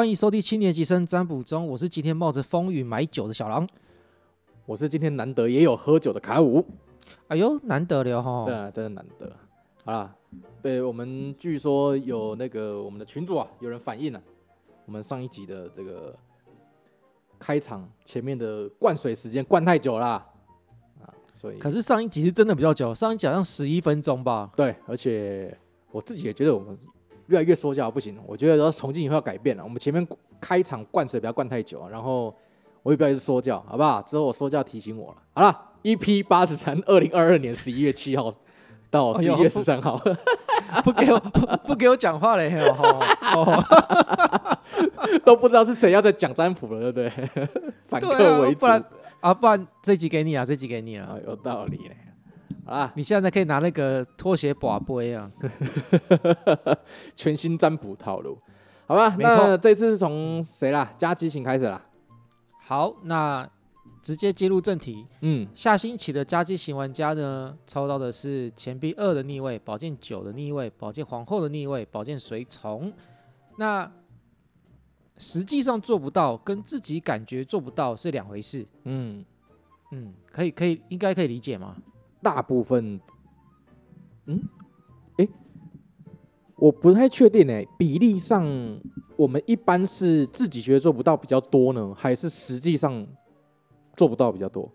歡迎收聽七年級生占卜中，我是今天冒着風雨買酒的小狼，我是今天難得也有喝酒的卡五，哎呦，難得了哈、哦，真的真的難得。好啦，對，我們據說有那個我們的群主啊，有人反映了、啊、我們上一集的這個開場前面的灌水時間灌太久啦啊，所以可是上一集是真的比較久，上一集好像十一分鐘吧？對，而且我自己也覺得我們。越來越說教不行，我覺得然後從今以後要改變了。我們前面開場灌水不要灌太久啊，然後我也不要一直說教，好不好？之後我說教提醒我了。好了，EP 八十三，二零二二年十一月七號到十一月十三號，不給我不給我講話了 都不知道是誰要在講占卜了，對不對？ 反客為主啊，不然啊，不然這集給你啊，這集給你啊，有道理欸啊！你現在可以拿那個拖鞋拔杯啊， 全新占卜套路，好吧？沒錯，那這次是從誰啦？家機型開始啦。好，那直接進入正題。嗯，下星期的家機型玩家呢，抽到的是錢幣二的逆位，寶劍九的逆位，寶劍皇後的逆位，寶劍隨從。那實際上做不到，跟自己感覺做不到是兩回事。嗯嗯，可以可以，應該可以理解嗎？大部分，嗯，誒、欸，我不太確定哎、欸，比例上，我們一般是自己覺得做不到比較多呢，還是實際上做不到比較多？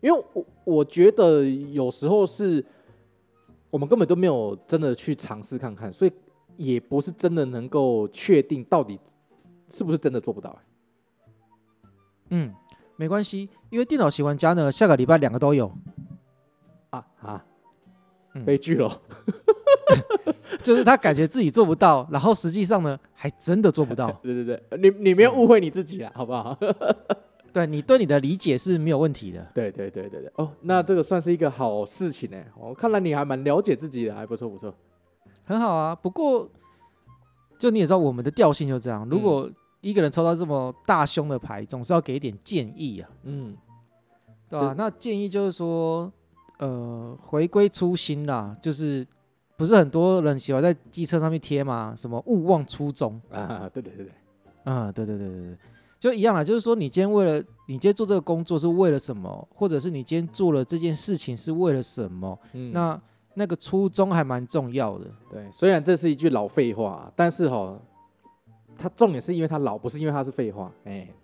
因為我我覺得有時候是，我們根本都沒有真的去嘗試看看，所以也不是真的能夠確定到底是不是真的做不到啊、欸。嗯，沒關係，因為電腦喜歡家呢，下個禮拜兩個都有。悲劇了，就是他感覺自己做不到，然後實際上呢，還真的做不到。 對對對，你你沒有誤會你自己啊，好不好？嗯、 對你對你的理解是沒有問題的。對對對對對。哦，那這個算是一個好事情呢、欸。我看來你還蠻了解自己的，還不錯不錯，很好啊。不過，就你也知道我們的調性就這樣，嗯、如果一個人抽到這麼大凶的牌，總是要給一點建議啊。嗯，對吧、啊？那建議就是說。呃，回歸初心啦，就是不是很多人喜歡在機車上面貼嗎？什麼勿忘初衷啊。對對對對，嗯，對對對對就一樣啦。就是說，你今天為了你今天做這個工作是為了什麼？或者是你今天做了這件事情是為了什麼？嗯、那那個初衷還蠻重要的。對，雖然這是一句老廢話，但是哈、哦，他重點是因為他老，不是因為他是廢話。哎、欸。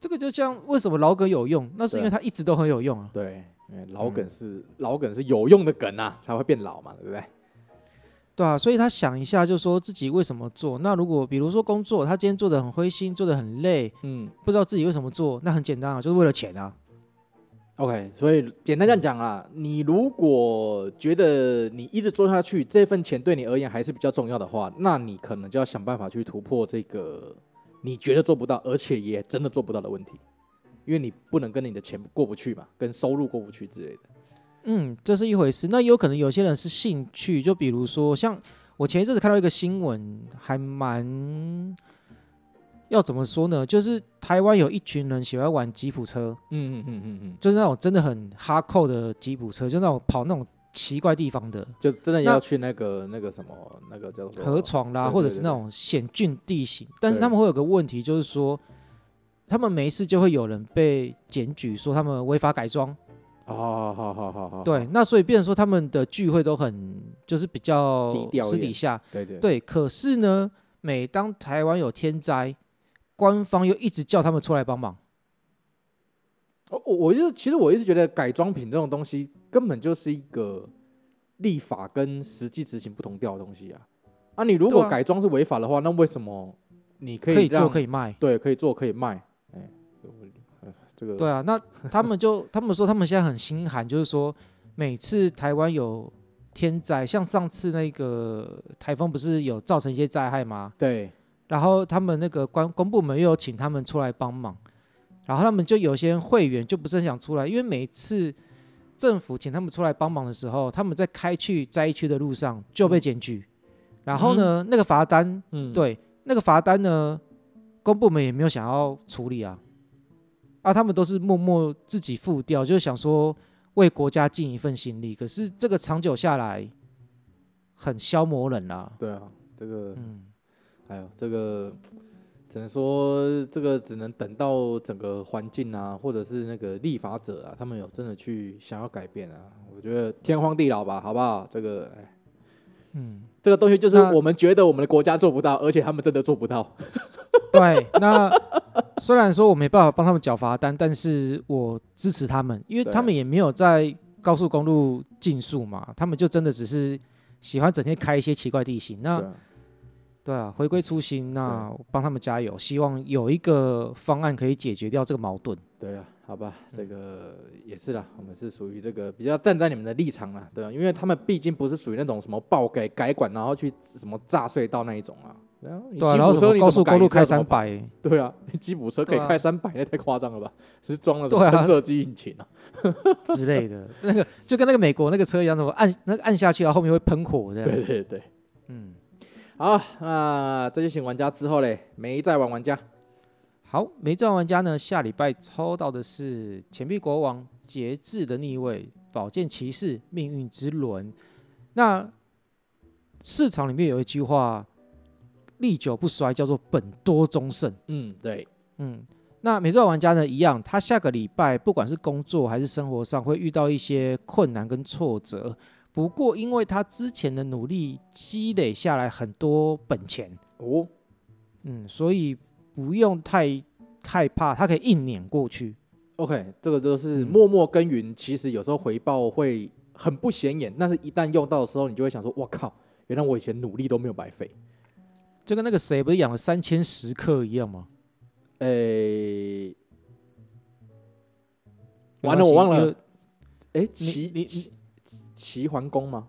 這個就像為什麼老梗有用？那是因為他一直都很有用啊。對，因為老梗是、嗯、老梗是有用的梗啊，才會變老嘛，對不對？對啊。所以他想一下，就說自己為什麼做？那如果比如說工作，他今天做得很灰心，做得很累，嗯，不知道自己為什麼做，那很簡單啊，就是為了錢啊。OK，所以簡單這樣講啊，你如果覺得你一直做下去，這份錢對你而言還是比較重要的話，那你可能就要想辦法去突破這個。你覺得做不到，而且也真的做不到的問題，因為你不能跟你的錢過不去嘛，跟收入過不去之類的。嗯，這是一回事。那有可能有些人是興趣，就比如說像我前一陣子看到一個新聞，還蠻要怎麼說呢？就是台灣有一群人喜歡玩吉普車，嗯嗯嗯嗯嗯，就是那種真的很哈扣的吉普車，就那種跑那種。奇怪地方的，就真的要去那個那，那個什麼那個叫做河床啦，啊，對對對對，或者是那種險峻地形。但是他們會有個問題，就是說對他們沒事就會有人被檢舉說他們違法改裝。好好好好好。對，那所以變成說他們的聚會都很，就是比較私底下。對，對對。對，可是呢，每當台灣有天災，官方又一直叫他們出來幫忙。我我就是，其實我一直覺得改裝品這種東西根本就是一個立法跟實際執行不同調的東西啊。啊，你如果改裝是違法的話，那為什麼你可以，可以做可以賣？對，可以做可以賣。哎，這個、對啊，那他們就他們說他們現在很心寒， 就是說每次台灣有天災，像上次那個台風不是有造成一些災害嗎？對。然後他們那個官公部門又有請他們出來幫忙。然後他們就有些會員就不是很想出來，因為每一次政府請他們出來幫忙的時候，他們在開去災區的路上就被檢舉。嗯、然後呢，嗯、那個罰單，嗯，對，那個罰單呢，公部門也沒有想要處理啊。啊，他們都是默默自己付掉，就想說為國家盡一份心力。可是這個長久下來，很消磨人啊。對啊，這個，嗯，還有這個。只能說這個只能等到整個環境啊，或者是那個立法者啊，他們有真的去想要改變啊。我覺得天荒地老吧，好不好？這個，嗯，這個東西就是我們覺得我們的國家做不到，那而且他們真的做不到。對，那雖然說我沒辦法幫他們繳罰單，但是我支持他們，因為他們也沒有在高速公路競速嘛，他們就真的只是喜歡整天開一些奇怪的地形那。對啊，回歸初心、啊，那幫對他們加油，希望有一個方案可以解決掉這個矛盾。對啊，好吧，這個也是啦。我們是屬於這個比較站在你們的立場啦。對啊，因為他們畢竟不是屬於那種什麼爆改改管，然後去什麼炸隧道那一種啊，對啊，然後車高速公路開三百，你對啊，吉普車可以開三百、啊，那太誇張了吧？是裝了什麼噴射引擎啊 之類的？那個就跟那個美國那個車一樣，怎麼按那個按下去啊，後面會噴火這樣？對，對對對，嗯。好，那這些請玩家之後嘞，沒在玩玩家，好，沒在玩玩家呢，下禮拜抽到的是錢幣國王節制的逆位，寶劍騎士命運之輪。那市場裡面有一句話，歷久不衰，叫做本多終勝。嗯，對，嗯，那沒在玩玩家呢，一樣，他下個禮拜不管是工作還是生活上，會遇到一些困難跟挫折。不過，因為他之前的努力積累下來很多本錢哦，嗯，所以不用太害怕，他可以一碾過去。OK，這個就是默默耕耘，嗯、其實有時候回報會很不顯眼，但是一旦用到的時候，你就會想說：“我靠，原來我以前努力都沒有白費。”就跟那個誰不是養了三千食客一樣嗎？哎誒，誒完了，我忘了。哎為，其，你你。齊桓公嗎？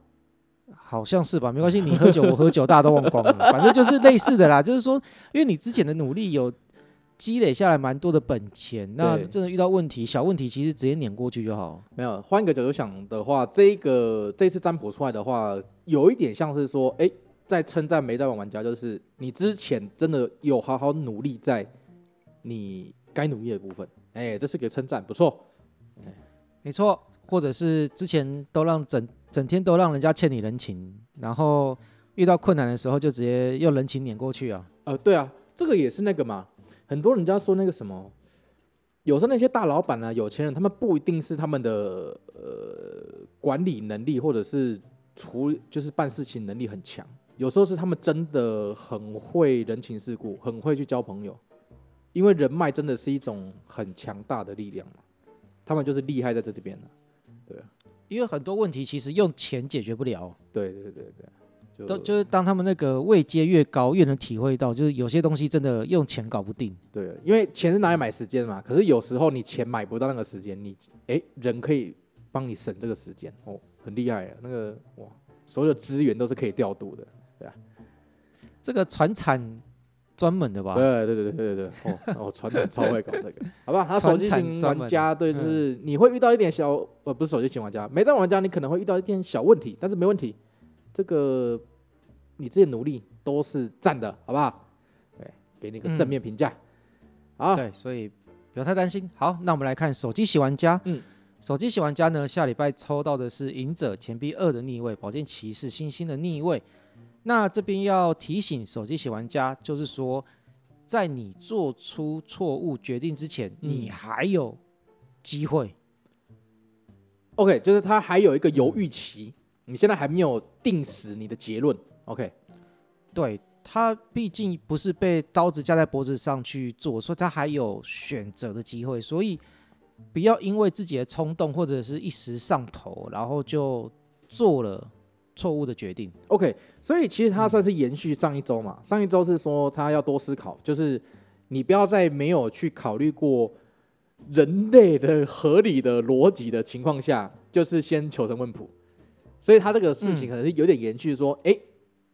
好像是吧，沒關係，你喝酒我喝酒， 大家都忘光了。反正就是類似的啦， 就是說，因為你之前的努力有積累下來蠻多的本錢，對那真的遇到問題，小問題其實直接碾過去就好。沒有換一個角度想的話，這個這次占卜出來的話，有一點像是說，哎、欸，在稱讚沒在玩玩家，就是你之前真的有好好努力在你該努力的部分，哎、欸，這是個稱讚，不錯，沒錯。或者是之前都讓整整天都讓人家欠你人情，然後遇到困難的時候就直接用人情攆過去啊？呃，對啊，這個也是那個嘛。很多人家說那個什麼，有時候那些大老板啊、有錢人，他們不一定是他們的呃管理能力或者是處就是辦事情能力很強，有時候是他們真的很會人情世故，很會去交朋友，因為人脈真的是一種很強大的力量嘛。他們就是厲害在這裡邊。因為很多問題其實用錢解決不了。對對對對，就就是當他們那個位階越高，越能體會到，就是有些東西真的用錢搞不定。對，因為錢是拿來買時間嘛。可是有時候你錢買不到那個時間，你誒人可以幫你省這個時間哦，很厲害啊。那個哇，所有的資源都是可以調度的，對啊，這個傳產。專門的吧？對對對對對對對。哦哦，傳統超會搞這個， 對 好吧？他手機型玩家，對，就是你會遇到一點小，呃、嗯哦，不是手機型玩家，沒陣玩家，你可能會遇到一點小問題，但是沒問題，這個你自己的努力都是讚的，好不好？對，給你個正面評價。嗯、好，對，所以不要太擔心。好，那我們來看手機型玩家，嗯，手機型玩家呢，下禮拜抽到的是《隱者錢幣二》的逆位，寶劍騎士星星的逆位。那這邊要提醒手機寫玩家，就是說，在你做出錯誤決定之前，你還有機會。OK，就是他還有一個猶豫期，你現在還沒有定死你的結論。OK，對，他畢竟不是被刀子架在脖子上去做，所以他還有選擇的機會，所以不要因為自己的衝動或者是一時上頭，然後就做了。錯誤的決定，OK，所以其實他算是延續上一周嘛。上一周是說他要多思考，就是你不要在沒有去考慮過人類的合理的邏輯的情況下，就是先求神問卜。所以他這個事情可能是有點延續，說，哎、嗯，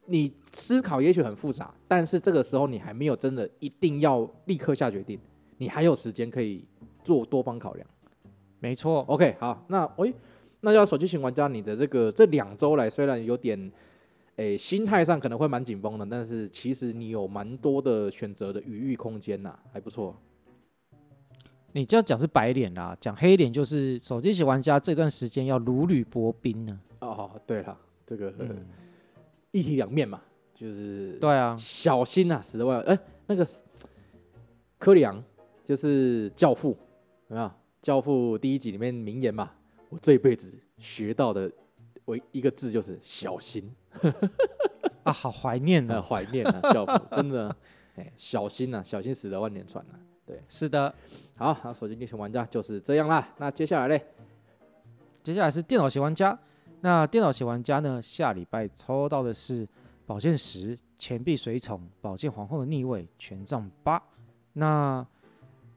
你思考也許很複雜，但是這個時候你還沒有真的一定要立刻下決定，你還有時間可以做多方考量。沒錯，OK，好，那，喂。那要手機型玩家，你的這個這兩周來雖然有點，誒、欸，心態上可能會蠻緊繃的，但是其實你有蠻多的選擇的餘裕空間吶、啊，還不錯、啊。你這樣講是白臉啦，講黑臉就是手機型玩家這段時間要如履薄冰呢、啊。哦，對了，這個、嗯、一體兩面嘛，就是對啊，小心啊十萬哎，那個科里昂就是教父，有沒有？教父第一集裡面名言嘛。我這輩子學到的唯一,一個字就是小心 啊！好懷念呢、哦啊，懷念呢、啊， 教父，真的，哎、欸，小心吶、啊，小心使得萬年船吶、啊，對，是的。好，那手機英雄玩家就是這樣啦。那接下來嘞，接下來是電腦型玩家。那電腦型玩家呢，下禮拜抽到的是寶劍十、錢幣侍從、寶劍皇後、的逆位、權杖八。那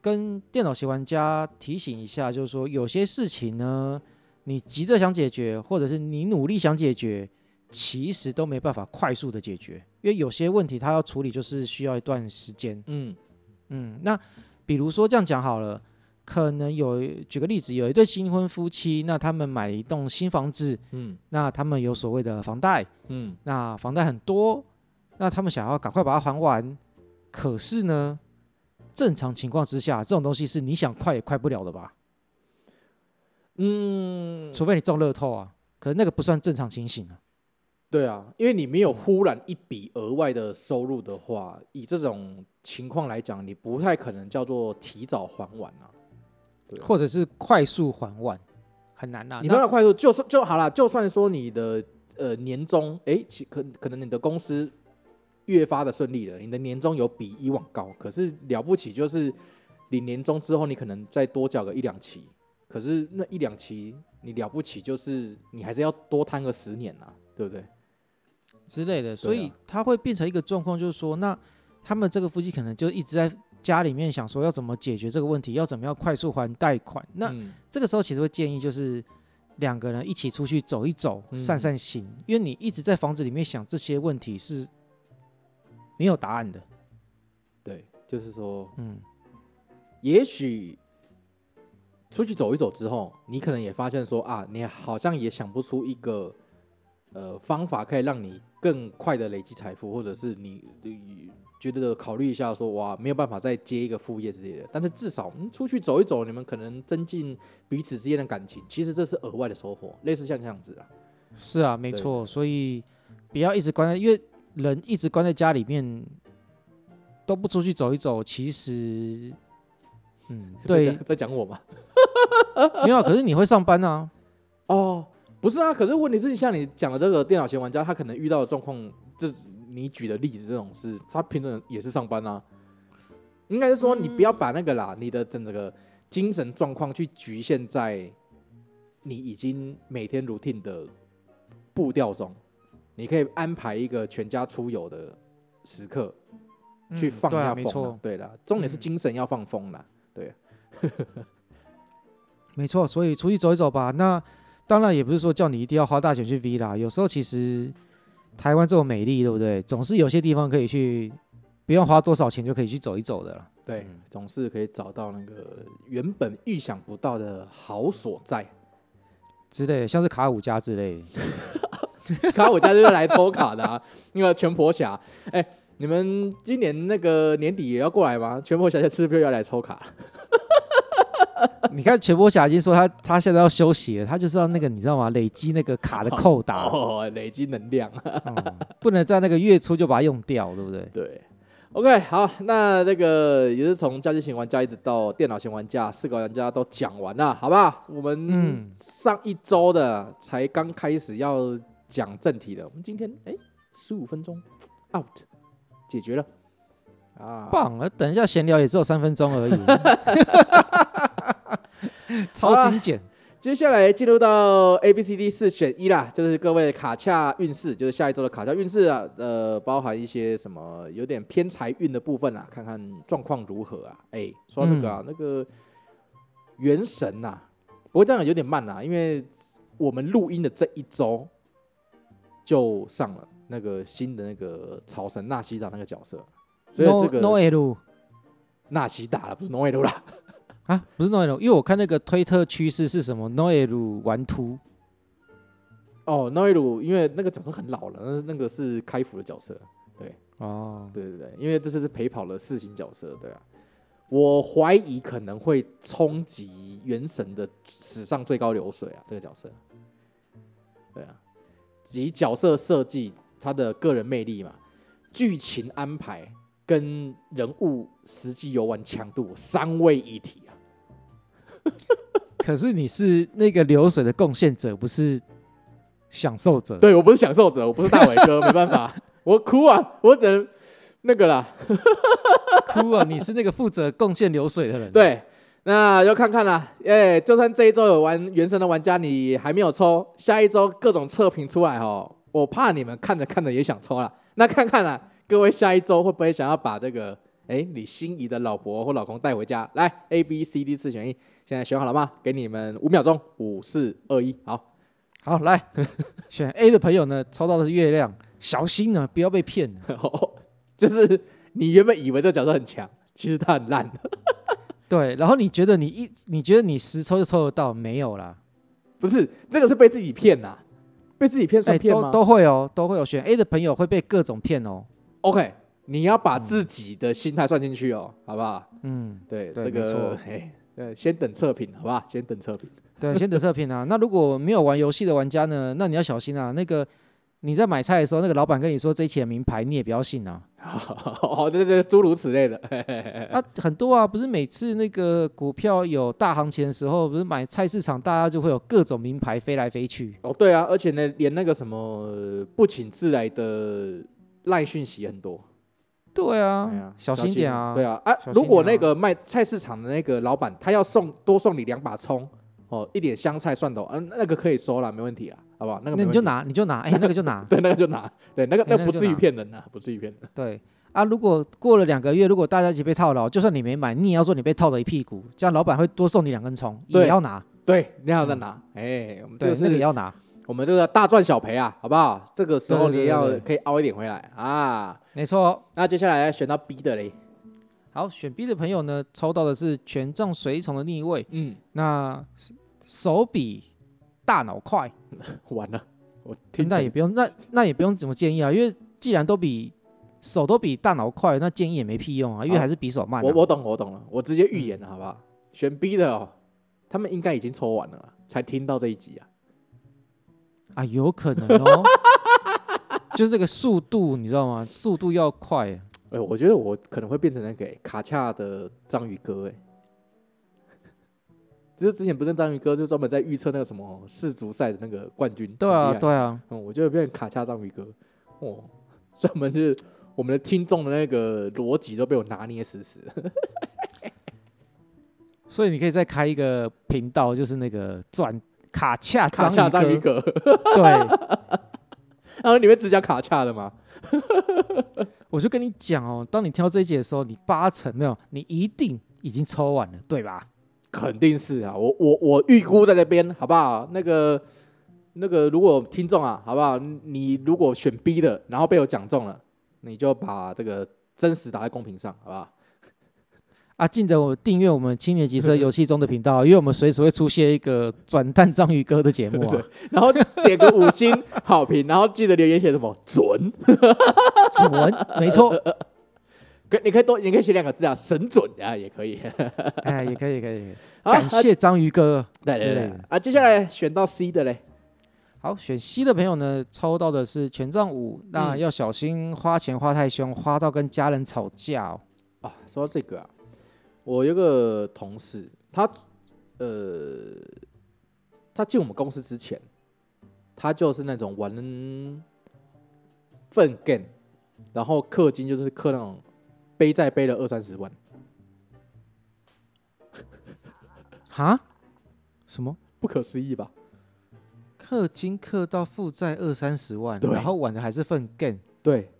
跟電腦型玩家提醒一下，就是說有些事情呢，你急着想解決，或者是你努力想解決，其實都沒辦法快速的解決，因為有些問題他要處理就是需要一段時間。嗯嗯，嗯，那比如說這樣講好了，可能有舉個例子，有一對新婚夫妻，那他們買一棟新房子，嗯，那他們有所謂的房貸，嗯，那房貸很多，那他們想要趕快把它還完，可是呢，正常情況之下，這種東西是你想快也快不了的吧？嗯，除非你中樂透啊，可是那個不算正常情形啊。對啊，因為你沒有忽然一筆額外的收入的話，以這種情況來講，你不太可能叫做提早還完啊，或者是快速還完，很難啊。你都要快速，那就算就好啦。就算說你的呃年終，哎，其可可能你的公司。越發的順利了，你的年終有比以往高，可是了不起就是你年終之後，你可能再多繳個一兩期，可是那一兩期你了不起就是你還是要多攤個十年啊，對不對？之類的，啊、所以他會變成一個狀況，就是說，那他們這個夫妻可能就一直在家裡面想說要怎麼解決這個問題，要怎麼樣快速還貸款。那這個時候其實會建議就是兩個人一起出去走一走，散散心，嗯、因為你一直在房子裡面想這些問題是。沒有答案的，對，就是說，嗯，也許出去走一走之後，你可能也發現說啊，你好像也想不出一個呃方法可以讓你更快的累積財富，或者是你覺得考慮一下說哇，沒有辦法再接一個副業之類的。但是至少、嗯、出去走一走，你們可能增進彼此之間的感情，其實這是額外的收穫，類似像這樣子啊。嗯、是啊，沒錯，對所以不要一直關在，因為。人一直關在家裡面，都不出去走一走，其實，嗯，對，在講我嗎？沒有，可是你會上班啊？ 哦，不是啊，可是問題是你像你講的這個電腦型玩家，他可能遇到的狀況，這你舉的例子這種事，他平常也是上班啊。應該是說，你不要把那個啦，嗯、你的整個精神狀況去局限在你已經每天 routine 的步調中。你可以安排一個全家出遊的時刻，去放下風，嗯。對啦，啊，重點是精神要放風啦。嗯，對， 沒錯，所以出去走一走吧。那當然也不是說叫你一定要花大錢去 V 啦。有時候其實台灣這麼美麗，對不對？總是有些地方可以去，不用花多少錢就可以去走一走的啦。對，嗯，總是可以找到那個原本意想不到的好所在，之類，像是卡五家之類的。 卡我家就是來抽卡的，因為全婆俠，哎，你們今年那個年底也要過來嗎？全婆俠是不是要來抽卡？ 你看全婆俠已經說他他現在要休息了，他就是要那個你知道嗎？累積那個卡的扣打，哦，累積能量，哦、不能在那個月初就把它用掉，對不對？ 對，OK，好，那那個也是從家居型玩家一直到電腦型玩家，四個玩家都講完了，好不好？我們上一周的才剛開始要講正題的，我們今天哎十五分鐘 out 解決了啊，棒啊！等一下閒聊也只有三分鐘而已， 超精簡。接下來進入到 A B C D 四選一啦，就是各位卡恰運勢，就是下一周的卡恰運勢啊，呃，包含一些什麼有點偏財運的部分啊，看看狀況如何啊。哎、欸，說到這個啊，嗯、那個原神吶、啊，不過這樣有點慢啊，因為我們錄音的這一周。就上了那個新的那個草神納西妲那個角色，所以這個納西妲了，不是諾艾露了 Noel 啊？不是諾艾露，因為我看那個推特趨勢是什麼？諾艾露完圖。哦，諾艾露，因為那個角色很老了，那那個是開服的角色，對，哦，oh. 對對對，因為這次是陪跑了四星角色，對啊，我懷疑可能會衝擊原神的史上最高流水啊，這個角色，對啊。及角色設計，他的個人魅力嘛，劇情安排跟人物實際遊玩強度三位一體啊。可是你是那個流水的貢獻者，不是享受者。對，我不是享受者，我不是大偉哥， 沒辦法，我哭啊，我只能那個啦， 哭啊！你是那個負責貢獻流水的人，對。那就看看了，啊，哎、欸，就算這一周有玩原神的玩家，你還沒有抽，下一周各種測評出來哦，我怕你們看着看着也想抽了。那看看了，啊，各位下一周會不會想要把這個，哎、欸，你心儀的老婆或老公帶回家？來，A、B、C、D 四選一，現在選好了嗎？給你們五秒鐘，五四二一，好，好，來呵呵，選 A 的朋友呢，抽到的是月亮，小心啊，不要被騙，啊。就是你原本以為這角色很強，其實他很爛。對，然後你覺得你一，你覺得你十抽就抽得到沒有了？不是，這個是被自己騙啦，被自己騙算騙了都，都會哦，都會有選 A 的朋友會被各種騙哦。OK，你要把自己的心態算進去哦，嗯、好不好？嗯，對，這個對對沒錯誒。先等測評，好不好，先等測評。對，先等測評啊。 那如果沒有玩遊戲的玩家呢？那你要小心啊。那個你在買菜的時候，那個老闆跟你說這一期的名牌，你也不要信啊。哦，對對，諸如此類的， 啊，很多啊，不是每次那個股票有大行情的時候，不是買菜市場，大家就會有各種名牌飛來飛去。哦，對啊，而且呢，連那個什麼不請自來的賴訊息很多。對啊，對啊，小心點啊。點啊，對啊，哎、啊，啊、如果那個賣菜市場的那個老闆，他要送多送你兩把蔥。哦，一點香菜蒜頭，嗯、啊，那個可以收了，沒問題了，好不好？那個那你就拿，你就拿，哎、欸，那個就拿， 對，那個就拿，對，那個那個、不至於騙人吶、啊，欸那個、不至於騙人、啊。對啊，如果過了兩個月，如果大家一起被套牢、喔，就算你沒買，你也要說你被套了一屁股，這樣老闆會多送你兩根蔥，也要拿。對，對，你要在拿，哎，對，那你、個、要拿，我們這個大賺小賠啊，好不好？這個時候你也要可以凹一點回來，對對對對啊，沒錯、喔。那接下來要選到 B 的嘞，好，選 B 的朋友呢，抽到的是權杖隨從的逆位，嗯，那。手比大腦快，完了，我聽到也不用，那那也不用怎麼建議啊？因為既然都比手都比大腦快，那建議也沒屁用啊！啊因為還是比手慢、啊。我我懂，我懂了，我直接預言了，好不好？嗯、選 B 的，哦，他們應該已經抽完了，才聽到這一集啊？啊，有可能哦， 就是那個速度，你知道嗎？速度要快。哎、欸，我覺得我可能會變成那個、欸、卡恰的章魚哥、欸，哎。其實之前不是章魚哥就專門在預測那個什麼世足賽的那個冠軍。對啊，對啊，對啊嗯、我就有點卡恰章魚哥，哇、哦，專門是我們的聽眾的那個邏輯都被我拿捏死死了。所以你可以再開一個頻道，就是那個轉卡恰卡恰章魚哥。魚哥對。然後、啊、你會只講卡恰的嗎？ 我就跟你講哦，當你挑這一集的時候，你八成沒有，你一定已經抽完了，對吧？肯定是啊，我我我預估在這邊，好不好？那個那個，如果聽眾啊，好不好？你如果選 B 的，然後被我講中了，你就把這個真實打在公屏上，好不好？啊，記得我訂閱我們青年汽車遊戲中的頻道、啊， 因為我們隨時會出現一個轉蛋章魚哥的節目啊， 然後點個五星好評，然後記得留言寫什麼準 準， 沒錯。 可你可以多，你可以寫兩個字啊，神準啊，也可以， 哎，也可以，可以。好感謝章魚哥，啊啊、對對對啊，接下來選到 C 的嘞，好，選 C 的朋友呢，抽到的是權杖五，那要小心花錢花太凶，花到跟家人吵架哦。哦、嗯啊，說到這個啊，我有個同事，他呃，他進我們公司之前，他就是那種玩糞便，然後氪金就是氪那種。背債背了二三十萬，哈？什麼？不可思議吧？氪金氪到負債二三十萬，對然後玩的還是份 game，對，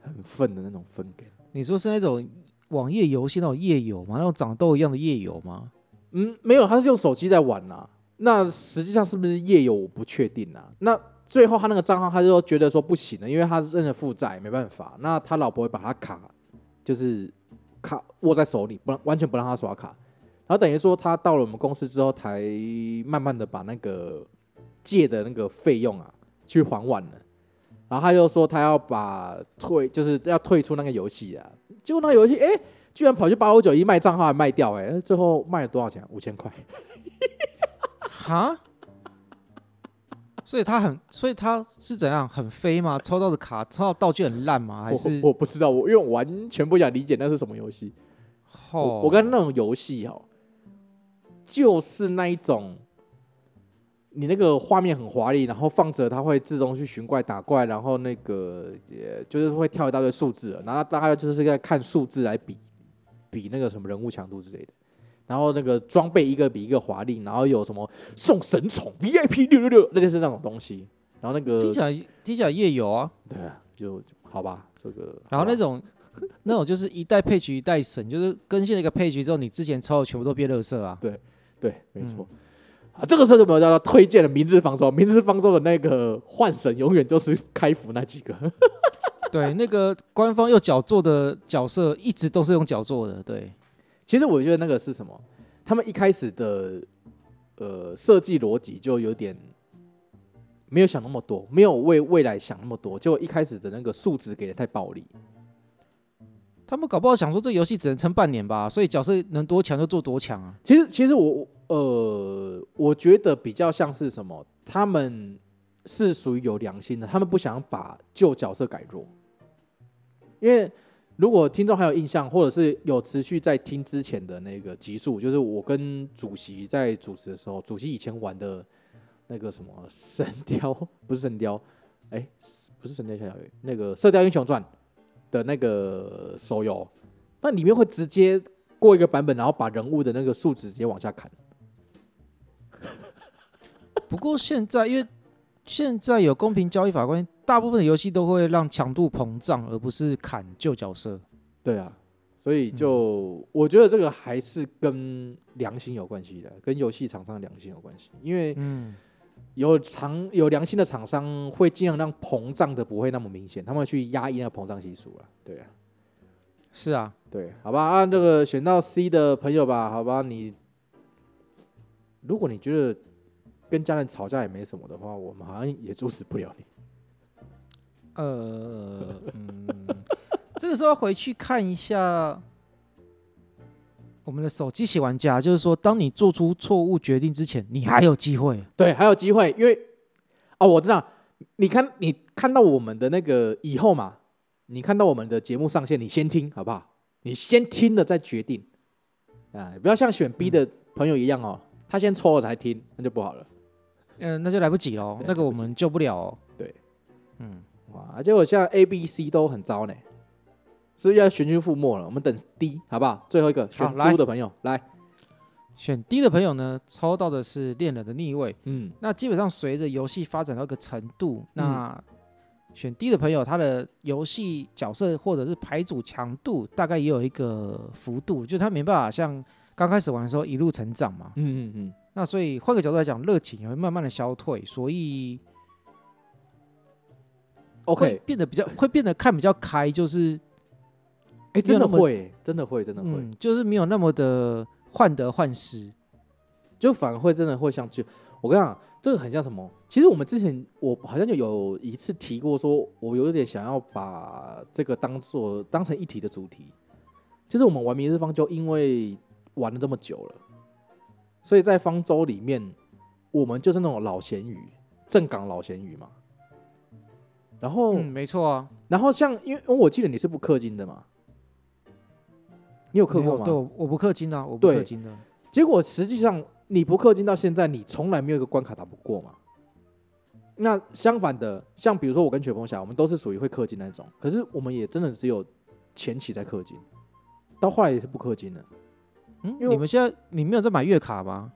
很 fun 的那種 fun。你說是那種網頁遊戲那種頁遊嗎？那種長痘一樣的頁遊嗎？嗯，沒有，他是用手機在玩吶、啊。那實際上是不是頁遊我不確定啊。那最後他那個賬號，他就覺得說不行了，因為他是認得負債沒辦法。那他老婆會把他卡，就是卡握在手裡，不完全不讓他刷卡。然後等於說他到了我們公司之後，才慢慢的把那個借的那個費用啊去還完了。然後他又說他要把退，就是要退出那個遊戲啊。結果那遊戲哎，居然跑去八五九一賣賬號還賣掉哎，欸，最後賣了多少錢，啊？五千塊。哈 ？Huh? 所以他很，所以他是怎樣？很飛嗎？抽到的卡，抽到道具很爛嗎？還是？我，我不知道，我因為我完全不想理解那是什麼遊戲齁。我跟那種遊戲哦，就是那一種，你那個畫面很華麗，然後放着它會自動去尋怪打怪，然後那個也就是會跳一大堆數字，然後大概就是在看數字來比比那個什麼人物強度之類的。然後那個裝備一個比一個華麗，然後有什麼送神寵、嗯、VIP 六六六，那就是那種東西。然後那個聽起來聽起來也有啊，對啊，就好吧，這個。然後那種吧那種就是一代配局一代神，就是更新了一個配局之後，你之前抽的全部都變垃圾啊。對對，沒錯。嗯、啊，這個是什麼？叫做推薦的明日方舟《明日方舟》。《明日方舟》的那個幻神永遠就是開服那幾個。 對，那個官方用腳做的角色，一直都是用腳做的。對。其實我覺得那個是什麼？他們一開始的呃設計邏輯就有點沒有想那麼多，沒有為未來想那麼多，結果一開始的那個數值給得太暴力。他們搞不好想說這遊戲只能撐半年吧，所以角色能多強就做多強啊。其實，其實我呃，我覺得比較像是什麼？他們是屬於有良心的，他們不想把舊角色改弱，因為。如果聽眾還有印象，或者是有持續在聽之前的那個集數，就是我跟主席在主持的時候，主席以前玩的那個什麼《神鵰》不是神雕欸，不是《神鵰》，哎，不是《神鵰俠侶》，那個《射鵰英雄傳》的那個手遊，那裡面會直接過一個版本，然後把人物的那個數值直接往下砍。不過現在，因為現在有公平交易法官大部分的遊戲都會讓強度膨脹，而不是砍舊角色。對啊，所以就我覺得這個還是跟良心有關係的，跟遊戲廠商的良心有關係。因為有廠有良心的廠商會盡量讓膨脹的不會那麼明顯，他們會去壓抑那個膨脹係數啊。對啊，是啊，對，好吧，啊，這個選到 C 的朋友吧，好吧，你如果你覺得跟家人吵架也沒什麼的話，我們好像也阻止不了你。呃，嗯， 這個時候回去看一下我們的手機喜歡玩家，就是說，當你做出錯誤決定之前，你還有機會。對，還有機會，因為哦，我知道，你看你看到我們的那個以後嘛，你看到我們的節目上線，你先聽好不好？你先聽了再決定、嗯、啊，不要像選 B 的朋友一樣哦，嗯、他先抽了才聽，那就不好了。嗯，那就來不及哦對那個我們救不了哦。對，嗯。啊！結果現在 A、B、C 都很糟呢，所以要全軍覆沒了？我們等 D 好不好？最後一個選豬的朋友來選 D 的朋友呢，抽到的是戀人的逆位。嗯，那基本上隨着遊戲發展到一個程度，那選 D 的朋友他的遊戲角色或者是牌組強度大概也有一個幅度，就他沒辦法像剛開始玩的時候一路成長嘛。嗯嗯嗯。那所以換個角度來講，熱情也會慢慢的消退，所以。Okay, 會變得比較，會變得看比較開，就是，哎、欸，真的會，真的會，真的會，嗯、就是沒有那麼的患得患失，就反而會真的會像，就我跟你講，這個很像什麼？其實我們之前我好像就有一次提過說，說我有點想要把這個當做當成一體的主題，就是我們玩明日方舟，因為玩了這麼久了，所以在方舟裡面，我們就是那種老鹹魚，正港老鹹魚嘛。然後、嗯，沒錯啊。然後像，因為我記得你是不氪金的嘛，你有氪過嗎？對，我不氪金啊，我不氪金的。結果實際上你不氪金到現在，你從來沒有一個關卡打不過嘛。那相反的，像比如說我跟雪峰俠，我們都是屬於會氪金那種，可是我們也真的只有前期在氪金，到後來也是不氪金了。嗯，因為你們現在你沒有在買月卡嗎？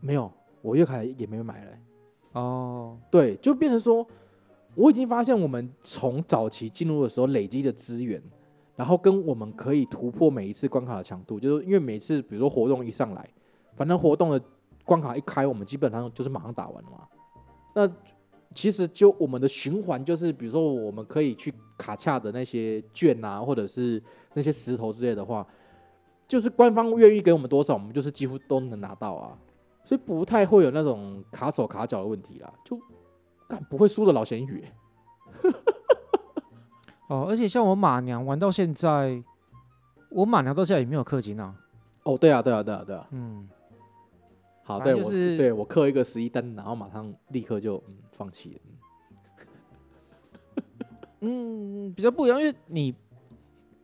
沒有，我月卡也沒有買嘞、欸。哦，對，就變成說。我已經發現，我們從早期進入的時候累積的資源，然後跟我們可以突破每一次關卡的強度，就是因為每次比如說活動一上來，反正活動的關卡一開，我們基本上就是馬上打完了嘛。那其實就我們的循環就是，比如說我們可以去卡恰的那些券啊，或者是那些石頭之類的話，就是官方願意給我們多少，我們就是幾乎都能拿到啊，所以不太會有那種卡手卡腳的問題啦，就。不會輸的老鹹魚，哦，而且像我馬娘玩到現在，我馬娘到現在也沒有氪金啊。哦，對啊，對啊，對啊，對啊，嗯，好，就是、對我對我氪一個十一單，然後馬上立刻就嗯放棄了，嗯，比較不一樣，因為你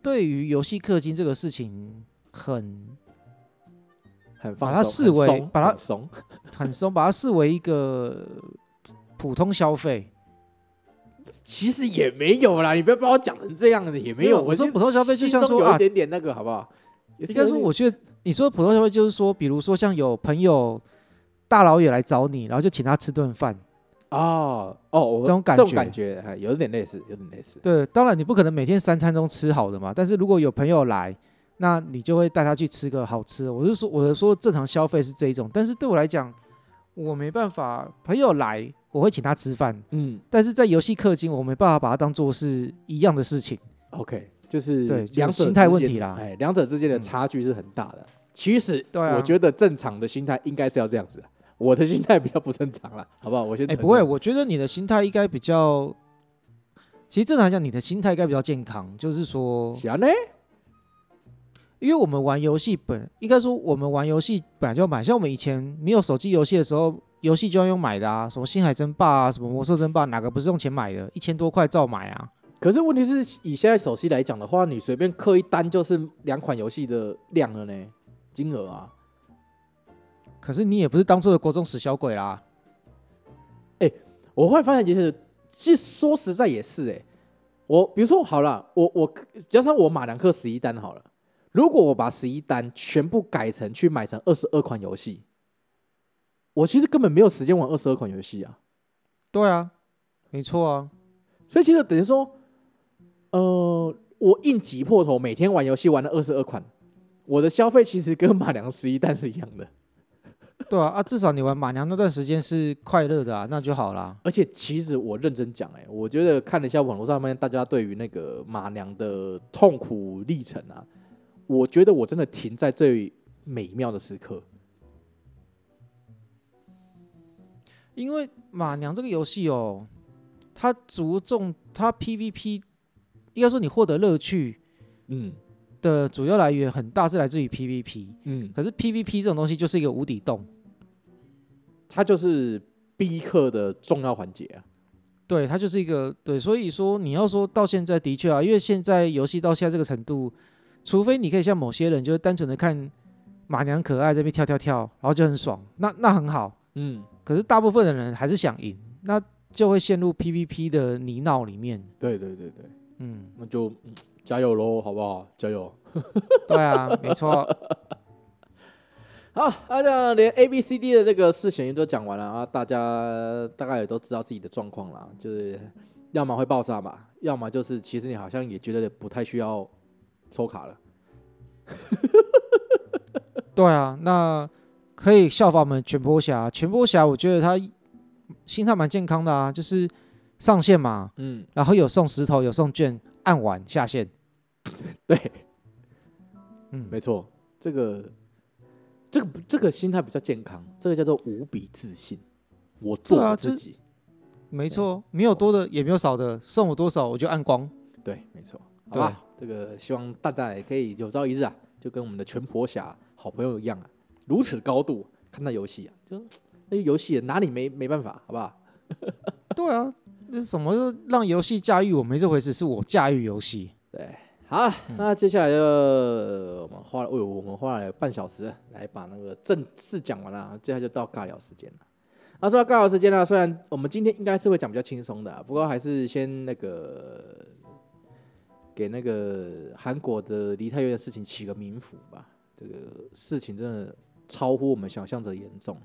對於遊戲氪金這個事情很很把它視為把它很鬆，把它視為一個。普通消費，其實也沒有啦，你不要把我講成這樣的，也沒有。我說普通消費就像說啊，一點點那個，好不好？應該說，我覺得你說普通消費就是說，比如說像有朋友大老遠來找你，然後就請他吃頓飯哦哦，哦我這種感覺，感覺有點類似，有點類似。對，當然你不可能每天三餐都吃好的嘛，但是如果有朋友來，那你就會帶他去吃個好吃的。我是說，我是說，正常消費是這一種，但是對我來講，我沒辦法，朋友來。我會請他吃飯，嗯，但是在遊戲氪金，我沒辦法把他當做是一樣的事情。OK，就是對、就是、兩者心態問題啦，哎，兩者之間的差距是很大的。嗯、其實，對啊，我覺得正常的心態應該是要這樣子的，我的心態比較不正常啦，好不好？我先哎、欸，不會，我覺得你的心態應該比較，其實正常講，你的心態應該比較健康，就是說，啥、啊、呢？因為我們玩遊戲本應該說我們玩遊戲本來就要買，像我們以前沒有手機遊戲的時候。遊戲就要用買的啊，什麼星海爭霸啊，什麼魔獸爭霸，啊，哪個不是用錢買的？一千多塊照買啊！可是問題是以現在手機來講的話，你隨便課一單就是兩款遊戲的量了呢，金額啊。可是你也不是當初的國中死小鬼啦。哎、欸，我會發現就是，其實說實在也是哎、欸，我比如說好了，我我加上我買兩顆十一單好了，如果我把十一單全部改成去買成二十二款遊戲。我其實根本沒有時間玩二十二款遊戲啊，對啊，沒錯啊，所以其實等於說，呃，我硬擠破頭每天玩遊戲玩了二十二款，我的消費其實跟馬娘十一代是一樣的，對啊，啊，至少你玩馬娘那段時間是快樂的啊，那就好啦。 而且其實我認真講，哎，我覺得看了一下網絡上面大家對於那個馬娘的痛苦歷程啊，我覺得我真的停在最美妙的時刻。因為馬娘這個遊戲哦，它着重它 PVP，應該說你獲得樂趣，嗯，的主要來源很大是來自於 PVP，嗯，可是 PVP 這種東西就是一個無底洞，它就是逼氪的重要環節啊，對，它就是一個對，所以說你要說到現在的確啊，因為現在遊戲到現在這個程度，除非你可以像某些人，就是單純的看馬娘可愛這邊跳跳跳，然後就很爽，那那很好。嗯，可是大部分的人還是想贏，那就會陷入 PVP 的泥淖裡面。對對對對，嗯，那就、嗯、加油嘍，好不好？加油。 對啊，沒錯。 好、啊，那連 A B C D 的這個事情都講完了啊，大家大概也都知道自己的狀況了，就是要麼會爆炸吧，要麼就是其實你好像也覺得也不太需要抽卡了。 對啊，那。可以效仿我們全婆俠，全婆俠，我覺得他心態蠻健康的啊，就是上線嘛，嗯，然後有送石頭，有送券，按完下線，對，嗯，沒錯，這個，這個，這個心態比較健康，這個叫做無比自信，我做自己、啊，沒錯，對沒有多的也沒有少的，送我多少我就按光，對，沒錯，好吧，這個希望大家也可以有朝一日啊，就跟我們的全婆俠好朋友一樣啊。如此高度看到遊戲啊，就那遊、個、戲哪裡沒沒辦法，好不好？ 對啊，那什麼讓遊戲駕馭我？沒這回事，是我駕馭遊戲。對，好、啊，嗯、那接下來就我們花了，哦、哎，我們花了半小時來把那個正式講完了，接下來就到尬聊時間了。那說到尬聊時間呢，雖然我們今天應該是會講比較輕鬆的、啊，不過還是先那個給那個韓國的梨泰院的事情起個名符吧。這個事情真的。超乎我們想象的嚴重。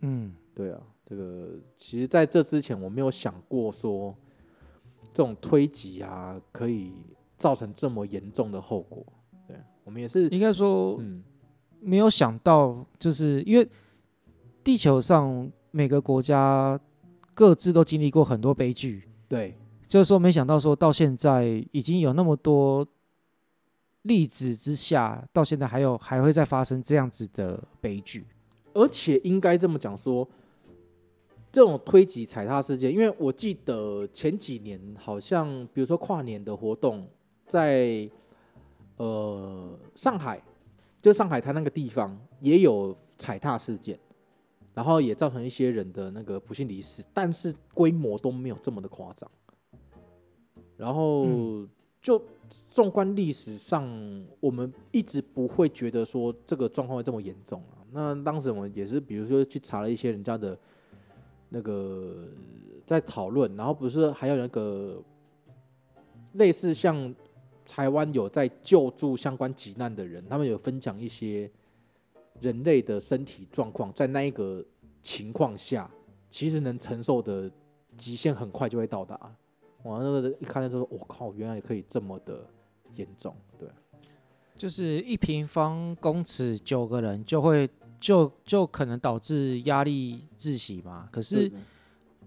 嗯，對啊，這個其實在這之前我沒有想過說這種推擠啊，可以造成這麼嚴重的後果。對，我們也是應該說，嗯，沒有想到，就是因為地球上每個國家各自都經歷過很多悲劇，對，就是說沒想到說到現在已經有那麼多。例子之下，到現在還有還會再發生這樣子的悲劇，而且應該這麼講說，這種推擠踩踏事件，因為我記得前幾年好像，比如說跨年的活動在、在呃上海，就上海灘那個地方也有踩踏事件，然後也造成一些人的那個不幸離世，但是規模都沒有這麼的誇張，然後就。嗯縱觀歷史上，我們一直不會覺得說這個狀況會這麼嚴重啊。那當時我們也是，比如說去查了一些人家的，那個在討論，然後不是還有那個類似像台灣有在救助相關急難的人，他們有分享一些人類的身體狀況，在那一個情況下，其實能承受的極限很快就會到達。我那個一看的時候，我靠！原來也可以這麼的嚴重，對。就是一平方公尺九個人就會就就可能導致壓力窒息嘛。可是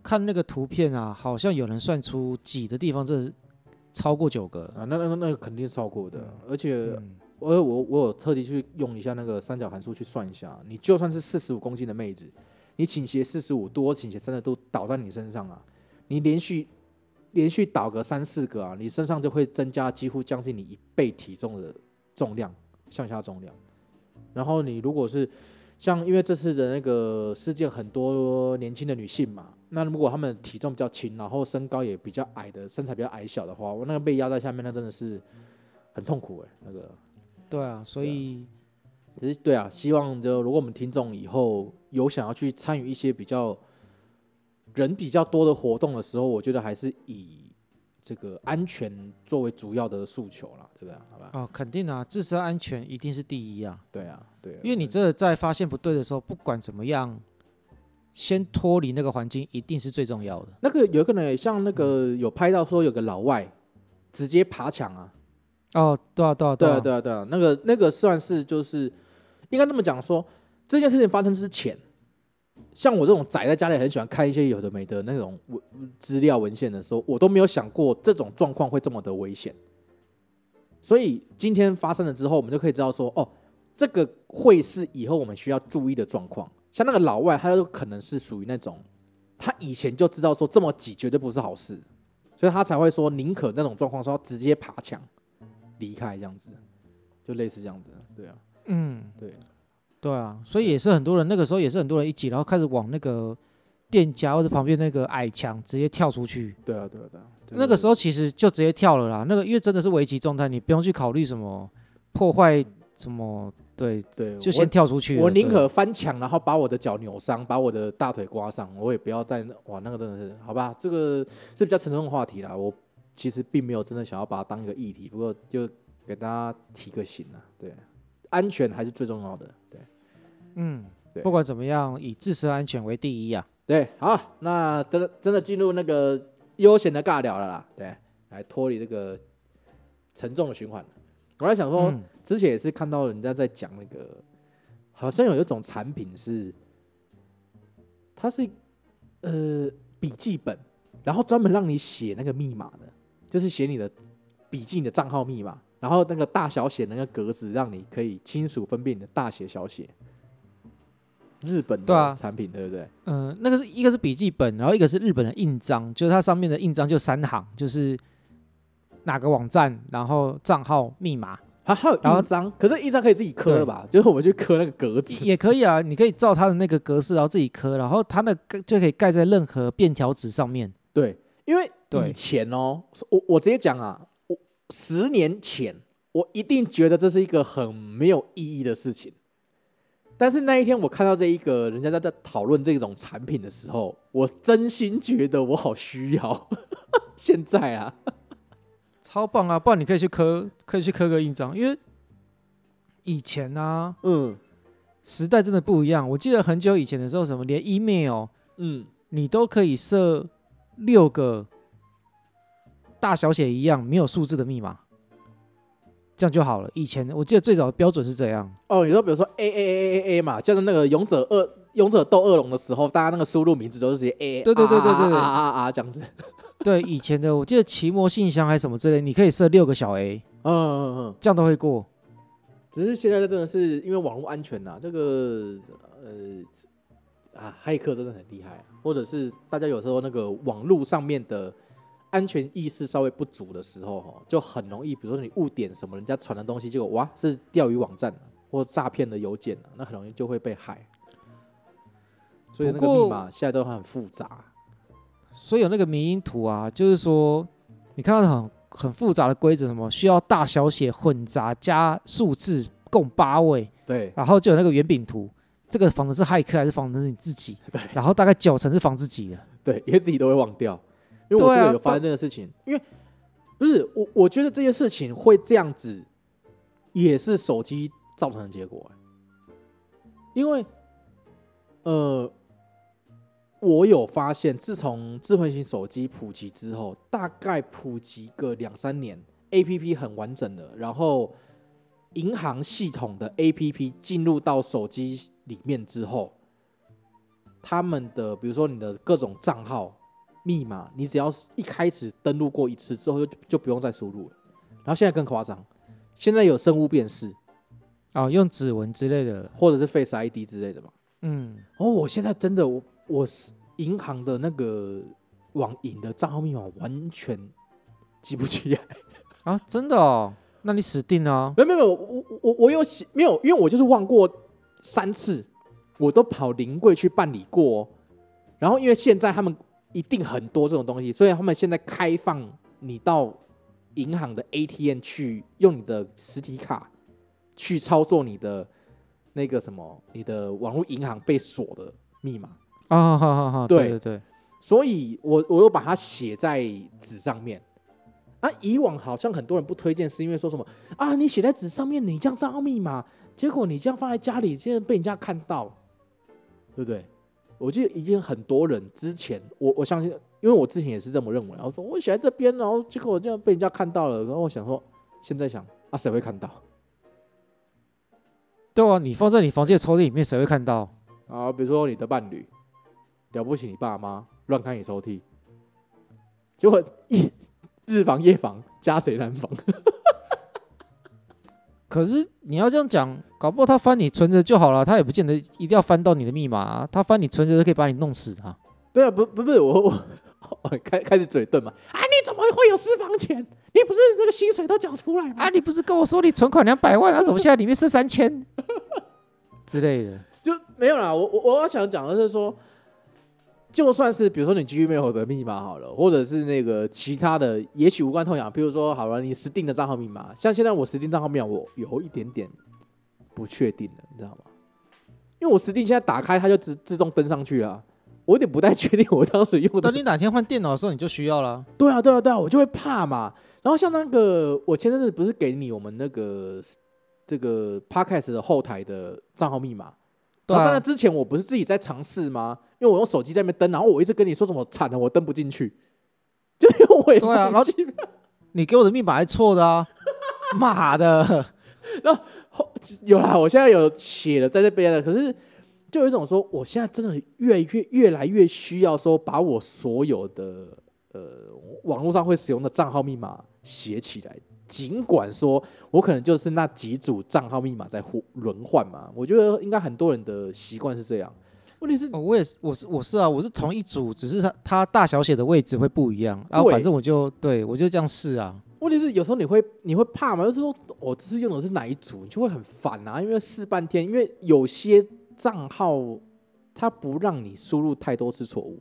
看那個圖片啊，好像有人算出擠的地方這是超過九個啊，那那那個肯定是超過的。嗯、而且、嗯、我我我有特地去用一下那個三角函數去算一下，你就算是四十五公斤的妹子，你傾斜四十五度我傾斜，三十度都倒在你身上啊，你連續。連續倒個三四個啊，你身上就會增加幾乎將近你一倍體重的重量，向下重量。然後你如果是像因為這次的那個事件，很多年輕的女性嘛，那如果她們體重比較輕，然後身高也比較矮的，身材比較矮小的話，我那個被壓在下面，那真的是很痛苦誒、欸。那個，對啊，所以，只是對啊，希望就如果我們聽眾以後有想要去參與一些比較。人比較多的活動的時候，我覺得還是以這個安全作為主要的訴求啦，對不對？好吧。哦，肯定啊，自身安全一定是第一啊。對啊，對啊。因為你這在發現不對的時候，不管怎麼樣，先脫離那個環境一定是最重要的。那個有個人像那個有拍到說有個老外直接爬牆啊。哦，對啊，對啊，對啊對啊對啊，對啊，那個那個算是就是應該那麼講說，這件事情發生之前。像我這種宅在家裡很喜歡看一些有的沒的那種文資料文獻的時候，我都沒有想過這種狀況會這麼的危險。所以今天發生了之後，我們就可以知道說，哦，這個會是以後我們需要注意的狀況。像那個老外，他就可能是屬於那種，他以前就知道說這麼擠絕對不是好事，所以他才會說寧可那種狀況說直接爬牆離開這樣子，就類似這樣子，對啊，嗯，對。對啊，所以也是很多人，對那個時候也是很多人一擠，然後開始往那個店家或者旁邊那個矮牆直接跳出去對、啊。對啊，對啊，對啊。那個時候其實就直接跳了啦，那個因為真的是危急狀態，你不用去考慮什麼破壞什麼，對對，就先跳出去。我，對我寧可翻牆，然後把我的腳扭傷，把我的大腿刮傷，我也不要再哇那個真的是好吧，這個是比較沉重的話題啦。我其實並沒有真的想要把它當一個議題，不過就給大家提個醒啦對。安全還是最重要的，對，對，嗯，對，不管怎麼樣，以自身安全為第一啊，對，好啊，那真的真的進入那個悠閒的尬聊了啦，對，來脫離這個沉重的循環。我在想說，之前也是看到人家在講那個，好像有一種產品是，它是呃筆記本，然後專門讓你寫那個密碼的，就是寫你的筆記你的賬號密碼。然後那個大小寫那個格子，讓你可以清楚分辨你的大寫小寫。日本的、啊、產品對不對？嗯、呃，那個是一個是筆記本，然後一個是日本的印章，就是它上面的印章就三行，就是哪個網站，然後賬號密碼，然還、啊、章。後可是印章可以自己刻了吧？對就是我們去刻那個格子也可以啊。你可以照它的那個格式，然後自己刻，然後它那個就可以蓋在任何便條紙上面。對，因為以前哦，對我我直接講啊。十年前，我一定覺得這是一個很沒有意義的事情。但是那一天，我看到這一個人家在討論這種產品的時候，我真心覺得我好需要。現在啊，超棒啊！不然你可以去刻，可以去刻個印章。因為以前呢、啊，嗯，時代真的不一樣。我記得很久以前的時候，什麼連 email，嗯，你都可以設六個。大小寫一樣沒有數字的密碼，這樣就好了。以前我記得最早的標準是這樣。哦，有時候比如說 A A A A A, A 嘛，就是那個《勇者二勇者鬥惡龍》的時候，大家那個輸入名字都是直接 A。對對對對對，對啊啊啊，啊！啊、這樣子。對， 以前的我記得《奇摩信箱》還是什麼之類，你可以設六個小 A。嗯，嗯嗯嗯，這樣都會過。只是現在的真的是因為網絡安全吶、啊，這個呃啊，駭客真的很厲害、啊，或者是大家有時候那個網絡上面的。安全意識稍微不足的時候，就很容易，比如說你誤點什麼人家傳的東西，結果哇是釣魚網站或詐騙的郵件，那很容易就會被害。不過 所以那個密碼現在都很複雜。所以有那個迷因圖啊，就是說，你看到很很複雜的規則，什麼需要大小寫混雜加數字，共八位。對。然後就有那個圓餅圖，這個防的是駭客還是防的是你自己？對。然後大概九成是防自己的。對，因為自己都會忘掉。因為我有發生這個事情，因為不是我，我覺得這些事情會這樣子，也是手機造成的結果。因為，呃，我有發現，自從智慧型手機普及之後，大概普及個兩三年，APP 很完整的，然後銀行系統的 APP 進入到手機裡面之後，他們的比如說你的各種賬號。密碼，你只要一開始登錄過一次之後就，就就不用再輸入了。然後現在更誇張，現在有生物辨識啊、哦，用指紋之類的，或者是 Face ID 之類的嘛。嗯，哦，我現在真的，我我銀行的那個網銀的賬號密碼完全記不起來啊！真的，哦，那你死定了、啊。沒有沒有，我我我有寫，沒有，因為我就是忘過三次，我都跑臨櫃去辦理過。然後因為現在他們。一定很多這種東西，所以他們現在開放你到銀行的 ATM 去用你的實體卡去操作你的那個什麼，你的網絡銀行被鎖的密碼啊，哈哈哈！對，對對對，所以我我又把它寫在紙上面。啊，以往好像很多人不推薦，是因為說什麼啊？你寫在紙上面，你這樣賬號密碼，結果你這樣放在家裡，竟然被人家看到，對不對？我記得已經很多人之前，我我相信，因為我之前也是這麼認為。我說我寫在這邊，然後結果我這樣被人家看到了，然後我想說，現在想啊，誰會看到？對啊，你放在你房間的抽屜裡面，誰會看到啊？比如說你的伴侶，了不起，你爸媽亂開你抽屜，結果日日防夜防，家賊難防。 可是你要這樣講，搞不好他翻你存折就好了，他也不見得一定要翻到你的密碼啊。他翻你存折可以把你弄死啊！對啊，不不不，我我開開始嘴遁嘛。啊，你怎麼會有私房錢？你不是這個薪水都繳出來啊，你不是跟我說你存款兩百萬，他、啊、怎麼現在裡面是三千 之類的？就沒有啦，我我我要想講的是說。就算是比如說你 Gmail 的密碼好了，或者是那個其他的，也許無關痛癢。譬如說好了，你 Steam 的賬號密碼，像現在我 Steam 賬號密碼，我有一點點不確定的，你知道嗎？因為我 Steam 現在打開它就自自動登上去了，我有點不太確定我當時用的。當你哪天換電腦的時候，你就需要了。對啊，對啊，對啊，我就會怕嘛。然後像那個我前陣子不是給你我們那個這個 Podcast 的後台的賬號密碼，我在那之前我不是自己在嘗試嗎？因為我用手機在那邊登，然後我一直跟你說什麼慘的，我登不進去，就是我也啊，然後你給我的密碼還錯的啊，媽 的！然後後有啦，我現在有寫了在這邊了，可是就有一種說，我現在真的越來越越來越需要說把我所有的呃網絡上會使用的賬號密碼寫起來，盡管說我可能就是那幾組賬號密碼在互輪換嘛，我覺得應該很多人的習慣是這樣。問題是、哦，我也是，我是我是啊，我是同一組，嗯、只是它它大小寫的位置會不一樣，然後對、啊、反正我就對我就這樣試啊。問題是有時候你會你會怕嗎？就是說我只、哦、是用的是哪一組，你就會很煩啊，因為試半天，因為有些賬號它不讓你輸入太多次錯誤，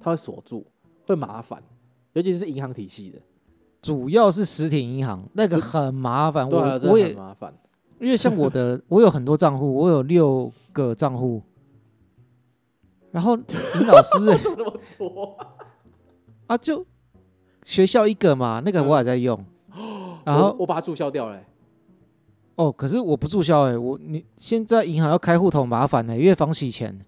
它會鎖住，會麻煩，尤其是銀行體系的，主要是實體銀行那個很麻煩，我我也很麻煩，因為像我的 我有很多賬戶，我有六個賬戶。 然後，老師、欸， 麼那麼多啊，啊？就學校一個嘛，那個我還在用。然後我，我把它註銷掉了，欸。哦，可是我不註銷哎，我你現在銀行要開戶頭麻煩呢，欸，因為防洗錢。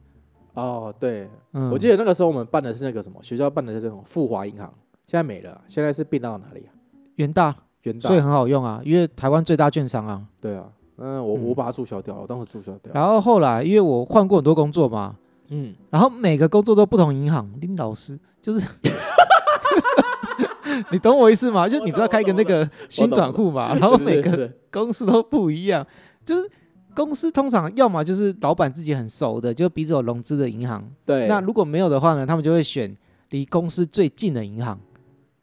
哦，對，嗯，我記得那個時候我們辦的是那個什麼，學校辦的是這種復華銀行，現在沒了，現在是併到哪裡啊？元大，元大，所以很好用啊，因為台灣最大券商啊。對啊，嗯，我我把它註銷掉了，嗯、我當時註銷掉了。然後後來因為我換過很多工作嘛。嗯，然後每個工作都不同銀行。林老師就是， 你懂我意思嗎？就是你不要開一個那個薪轉戶嘛， 然後每個公司都不一樣。就是公司通常要嘛就是老闆自己很熟的，就彼此有融資的銀行。對。那如果沒有的話呢？他們就會選離公司最近的銀行。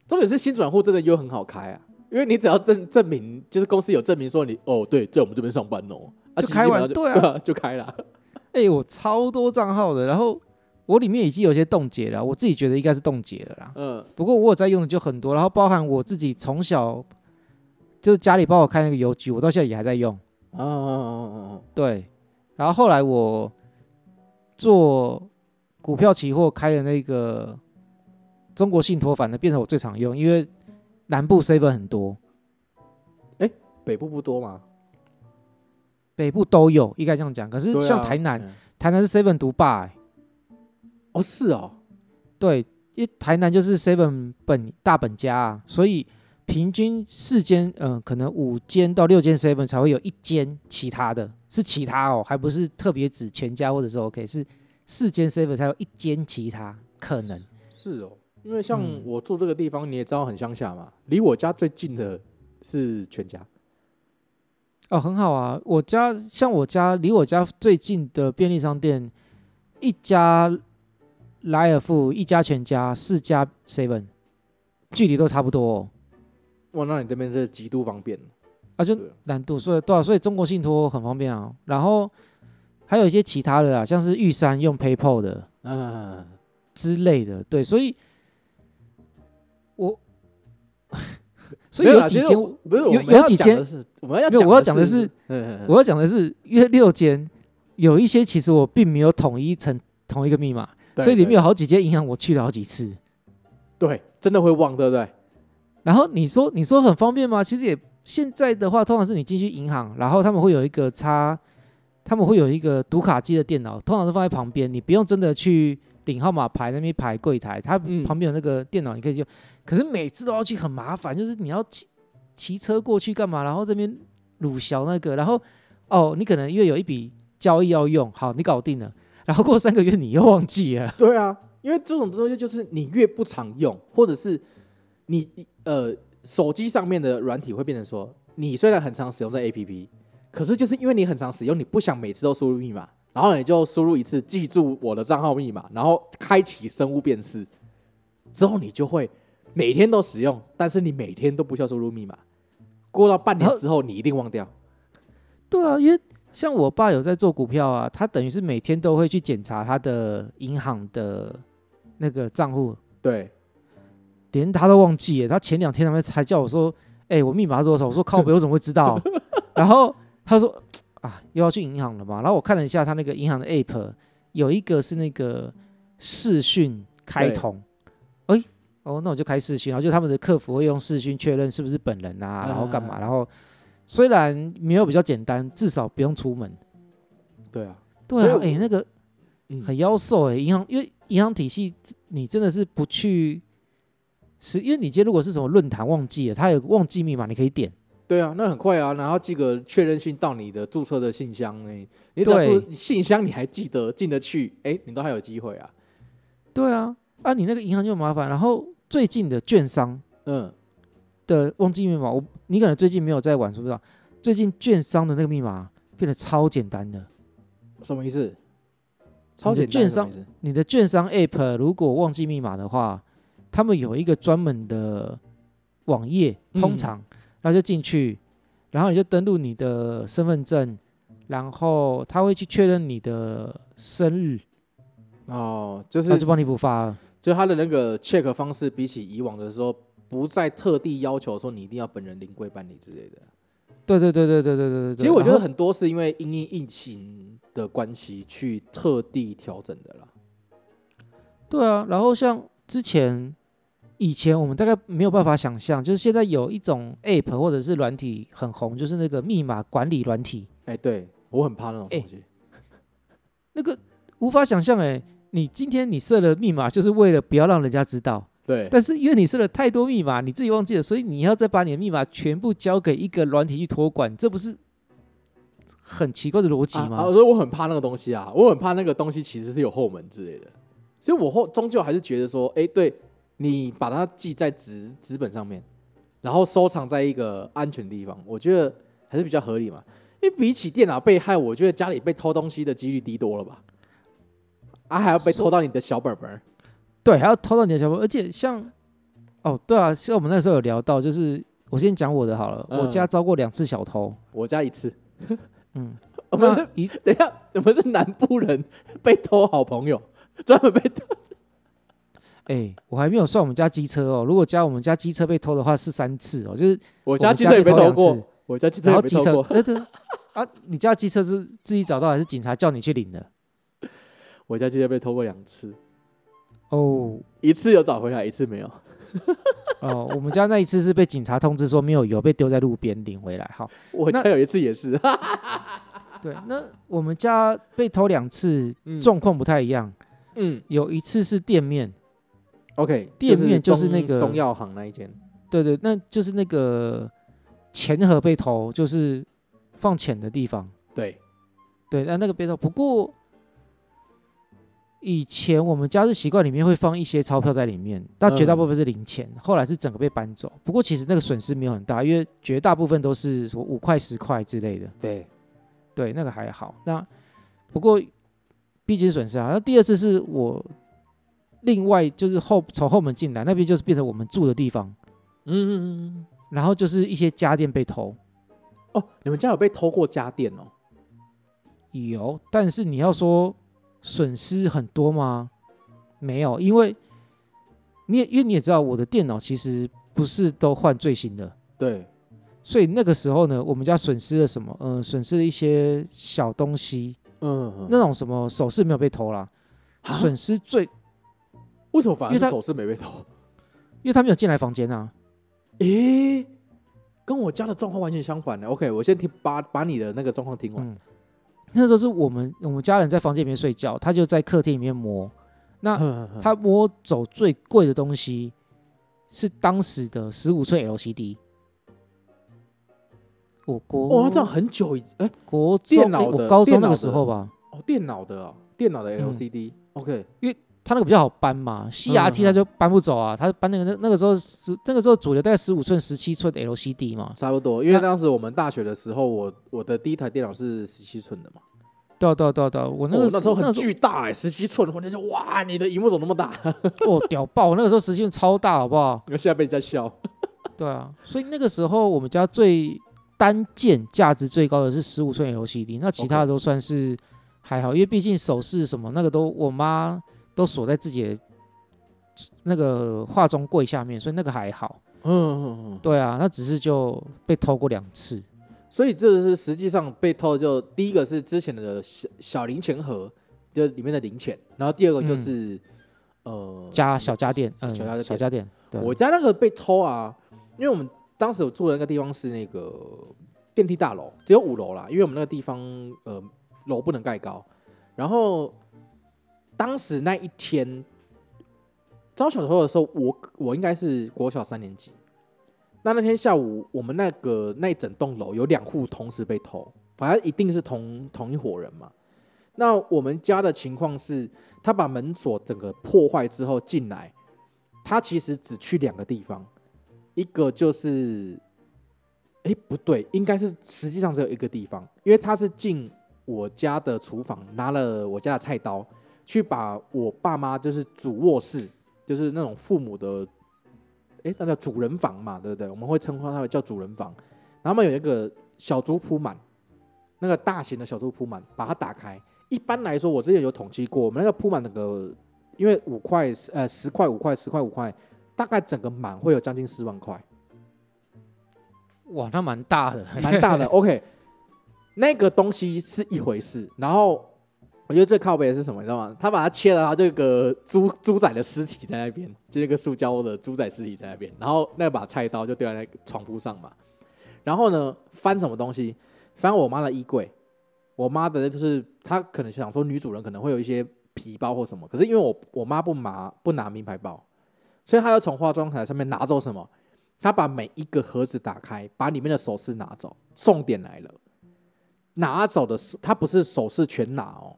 重點是薪轉戶真的又很好開啊，因為你只要證證明，就是公司有證明說你哦，對，在我們這邊上班哦，就開完對啊，就開了。哎，我超多賬號的，然後我裡面已經有些凍結了，我自己覺得應該是凍結了啦。嗯，不過我有在用的就很多，然後包含我自己從小就是家裡幫我開那個郵局，我到現在也還在用。嗯嗯嗯嗯嗯，對，然後後來我做股票期貨開的那個中國信托，反正變成我最常用，因為南部 seven 很多。哎，北部不多嗎？北部都有，應該這樣講。可是像台南，啊欸、台南是 Seven 獨霸，欸，哦，是哦，對，因為台南就是 Seven 本大本家啊，所以平均四間，嗯、呃，可能五間到六間 Seven 才會有一間其他的，是其他哦，還不是特別指全家或者是 OK，是四間 Seven 才有一間其他，可能是，是哦，因為像我住這個地方，嗯、你也知道很鄉下嘛，離我家最近的是全家。哦，很好啊！我家像我家離我家最近的便利商店，一家萊爾富，一家全家，四家 Seven，距離都差不多。哦。哇，那你這邊是極度方便啊！就難度所以多少、啊，所以中國信託很方便啊。然後還有一些其他的啊，像是玉山用 PayPal 的，嗯、啊、之類的。對，所以我。 所以有幾間，不是有有幾間，我們要我要講的是，我要講的是約 六間，有一些其實我並沒有統一成同一個密碼，對對對，所以裡面有好幾間銀行我去了好幾次。對，真的會忘，對不對？然後你說你說很方便嗎？其實也現在的話，通常是你進去銀行，然後他們會有一個插，他們會有一個讀卡機的電腦，通常是放在旁邊，你不用真的去領號碼牌那邊排櫃檯，它旁邊有那個電腦，你可以用。嗯可是每次都要去很麻煩，就是你要騎騎車過去幹嘛？然後這邊魯小那個，然後哦，你可能因為有一筆交易要用，好，你搞定了。然後過三個月你又忘記了。對啊，因為這種東西就是你越不常用，或者是你呃手機上面的軟體會變成說，你雖然很常使用這 APP，可是就是因為你很常使用，你不想每次都輸入密碼，然後你就輸入一次，記住我的賬號密碼，然後開啟生物辨識之後，你就會。每天都使用，但是你每天都不需要輸入密碼。過到半年之後，後你一定忘掉。對啊，因為像我爸有在做股票啊，他等於是每天都會去檢查他的銀行的那個賬戶。對，連他都忘記耶。他前兩天他們才叫我說：“哎，我密碼是多少？”我說：“靠北，我怎麼會知道啊？” 然後他說：“啊，又要去銀行了嘛？”然後我看了一下他那個銀行的 app，有一個是那個視訊開通。哦，oh, 那我就開視訊，然後就他們的客服會用視訊確認是不是本人啊，嗯、然後幹嘛？嗯、然後雖然沒有比較簡單，至少不用出門。對啊，對啊，哎、哦欸，那個很夭壽哎，銀行因為銀行體系你真的是不去，是，因為你今天如果是什麼論壇忘記了，他有忘記密碼，你可以點。對啊，那很快啊，然後寄個確認信到你的注冊的信箱哎、欸，你只要對信箱你還記得進得去，哎、欸，你都還有機會啊。對啊。啊，你那個銀行就麻煩。然後最近的券商，嗯，的忘記密碼，我你可能最近沒有在玩，是不是？最近券商的那個密碼變得超簡單的，什麼意思？超簡單。的券商，你的券商 app 如果忘記密碼的話，他們有一個專門的網頁，通常，然後、嗯、就進去，然後你就登錄你的身份證，然後他會去確認你的生日。哦，就是他就幫你補發了。就他的那個 check 方式，比起以往的時候，不再特地要求說你一定要本人臨櫃辦理之類的、啊。對對對對對對對對。其實我覺得很多是因為因應疫情的關係去特地調整的啦、啊。對啊，然後像之前以前我們大概沒有辦法想象，就是現在有一種 app 或者是軟體很紅，就是那個密碼管理軟體。哎，對，我很怕那種東西。哎、那個無法想象哎、欸。你今天你設了密碼，就是為了不要讓人家知道。對。但是因為你設了太多密碼，你自己忘記了，所以你要再把你的密碼全部交給一個軟體去托管，這不是很奇怪的邏輯嗎？所以、啊啊、我，我很怕那個東西啊，我很怕那個東西其實是有後門之類的。所以，我後終究還是覺得說，哎，對，你把它記在紙紙本上面，然後收藏在一個安全地方，我覺得還是比較合理嘛。因為比起電腦被害，我覺得家裡被偷東西的幾率低多了吧。啊！還要被偷到你的小本本兒？對，還要偷到你的小本。而且像哦，對啊，像我們那時候有聊到，就是我先講我的好了。我家遭過兩次小偷，我家一次。嗯，我們一 等一下，我們是南部人，被偷好朋友，專門被偷。哎、欸，我還沒有算我們家機車哦。如果加我們家機車被偷的話，是三次哦。就是我家機車也沒偷過，我家機車也沒偷過、呃呃。啊，你家機車是自己找到還是警察叫你去領的？我家戒指被偷過兩次，哦，一次有找回來，一次沒有。哦，我們家那一次是被警察通知說沒有油，被丟在路邊領回來。哈，我家有一次也是。對，那我們家被偷兩次，狀況不太一樣。嗯，有一次是店面，OK，店面就是那個中藥行那一間。對對，那就是那個錢盒被偷，就是放錢的地方。對，對，那那個被偷，不過。以前我們家的習慣裡面會放一些鈔票在裡面，嗯、但絕大部分是零錢。後來是整個被搬走，不過其實那個損失沒有很大，因為絕大部分都是什麼五塊、十塊之類的。對，對，那個還好。那不過畢竟是損失啊。那第二次是我另外就是後從後門進來，那邊就是變成我們住的地方。嗯、嗯、嗯，然後就是一些家電被偷。哦，你們家有被偷過家電哦？有，但是你要說。損失很多嗎？沒有，因為你也因為你也知道我的電腦其實不是都換最新的，對，所以那個時候呢，我們家損失了什麼？嗯、呃，損失了一些小東西，嗯，嗯，嗯，那種什麼首飾沒有被偷啦，損蛤失最為什麼反而是首飾沒被偷？因為他沒有進來房間啊。誒、欸，跟我家的狀況完全相反的，欸。OK，我先聽把把你的那個狀況聽完。嗯那時候是我們我們家人在房間裡面睡覺，他就在客廳裡面摸。那呵呵呵他摸走最貴的東西是當時的十五寸 LCD。我國哦，他這樣很久以哎，欸、國中電腦、欸、我高中那個時候吧。電腦的哦，電腦的哦，電腦的 LCD，OK，、嗯、Okay. 因為。他那個比較好搬嘛，CRT 他就搬不走啊。他、嗯、搬那個那那個時候是那個時候主流大概十五寸、十七寸 LCD 嘛，差不多。因為當時我們大學的時候，那我我的第一台電腦是十七寸的嘛。對啊對啊對啊對啊，我那個時候、哦、時候很巨大哎、欸，十七寸，我同學就哇，你的熒幕怎麼那麼大？ 哦，屌爆！那個時候十七寸超大，好不好？現在被人家笑。 對啊，所以那個時候我們家最單件價值最高的是十五寸 LCD，那其他的都算是還好，Okay. 因為畢竟首飾什麼那個都我媽。都鎖在自己的那個化妝櫃下面，所以那個還好。嗯，嗯嗯對啊，那只是就被偷過兩次，所以這是實際上被偷就第一個是之前的小小零錢盒，就裡面的零錢，然後第二個就是、嗯、呃家小家電，嗯，小家電，嗯、小家電，對。我家那個被偷啊，因為我們當時我住的那個地方是那個電梯大樓，只有五樓啦，因為我們那個地方呃樓不能蓋高，然後。當時那一天遭小偷的時候，我我應該是國小三年級。那那天下午，我們那個那整棟樓有兩戶同時被偷，反正一定是同同一夥人嘛。那我們家的情況是，他把門鎖整個破壞之後進來，他其實只去兩個地方，一個就是，哎、欸、不對，應該是實際上只有一個地方，因為他是進我家的廚房拿了我家的菜刀。去把我爸媽就是主臥室，就是那種父母的，哎、欸，那叫主人房嘛，對不對？我們會稱呼它為叫主人房。然後他們有一個小豬撲滿，那個大型的小豬撲滿，把它打開。一般來說，我之前有統計過，我們那個撲滿那個，因為五塊，呃，十塊，五塊，十塊，五塊，大概整個滿會有將近四萬塊。哇，那蠻大的，蠻 大的。OK，那個東西是一回事，然後。我覺得最靠北的是什麼，你知道嗎？他把它切了，然後這個豬豬仔的屍體在那邊，就那個塑膠的豬仔屍體在那邊，然後那把菜刀就掉在那個床鋪上嘛。然後呢，翻什麼東西？翻我媽的衣櫃。我媽的就是她可能想說女主人可能會有一些皮包或什麼，可是因為我我媽不拿不拿名牌包，所以她要從化妝台上面拿走什麼？她把每一個盒子打開，把裡面的首飾拿走。重點來了，拿走的是她不是首飾全拿哦、喔。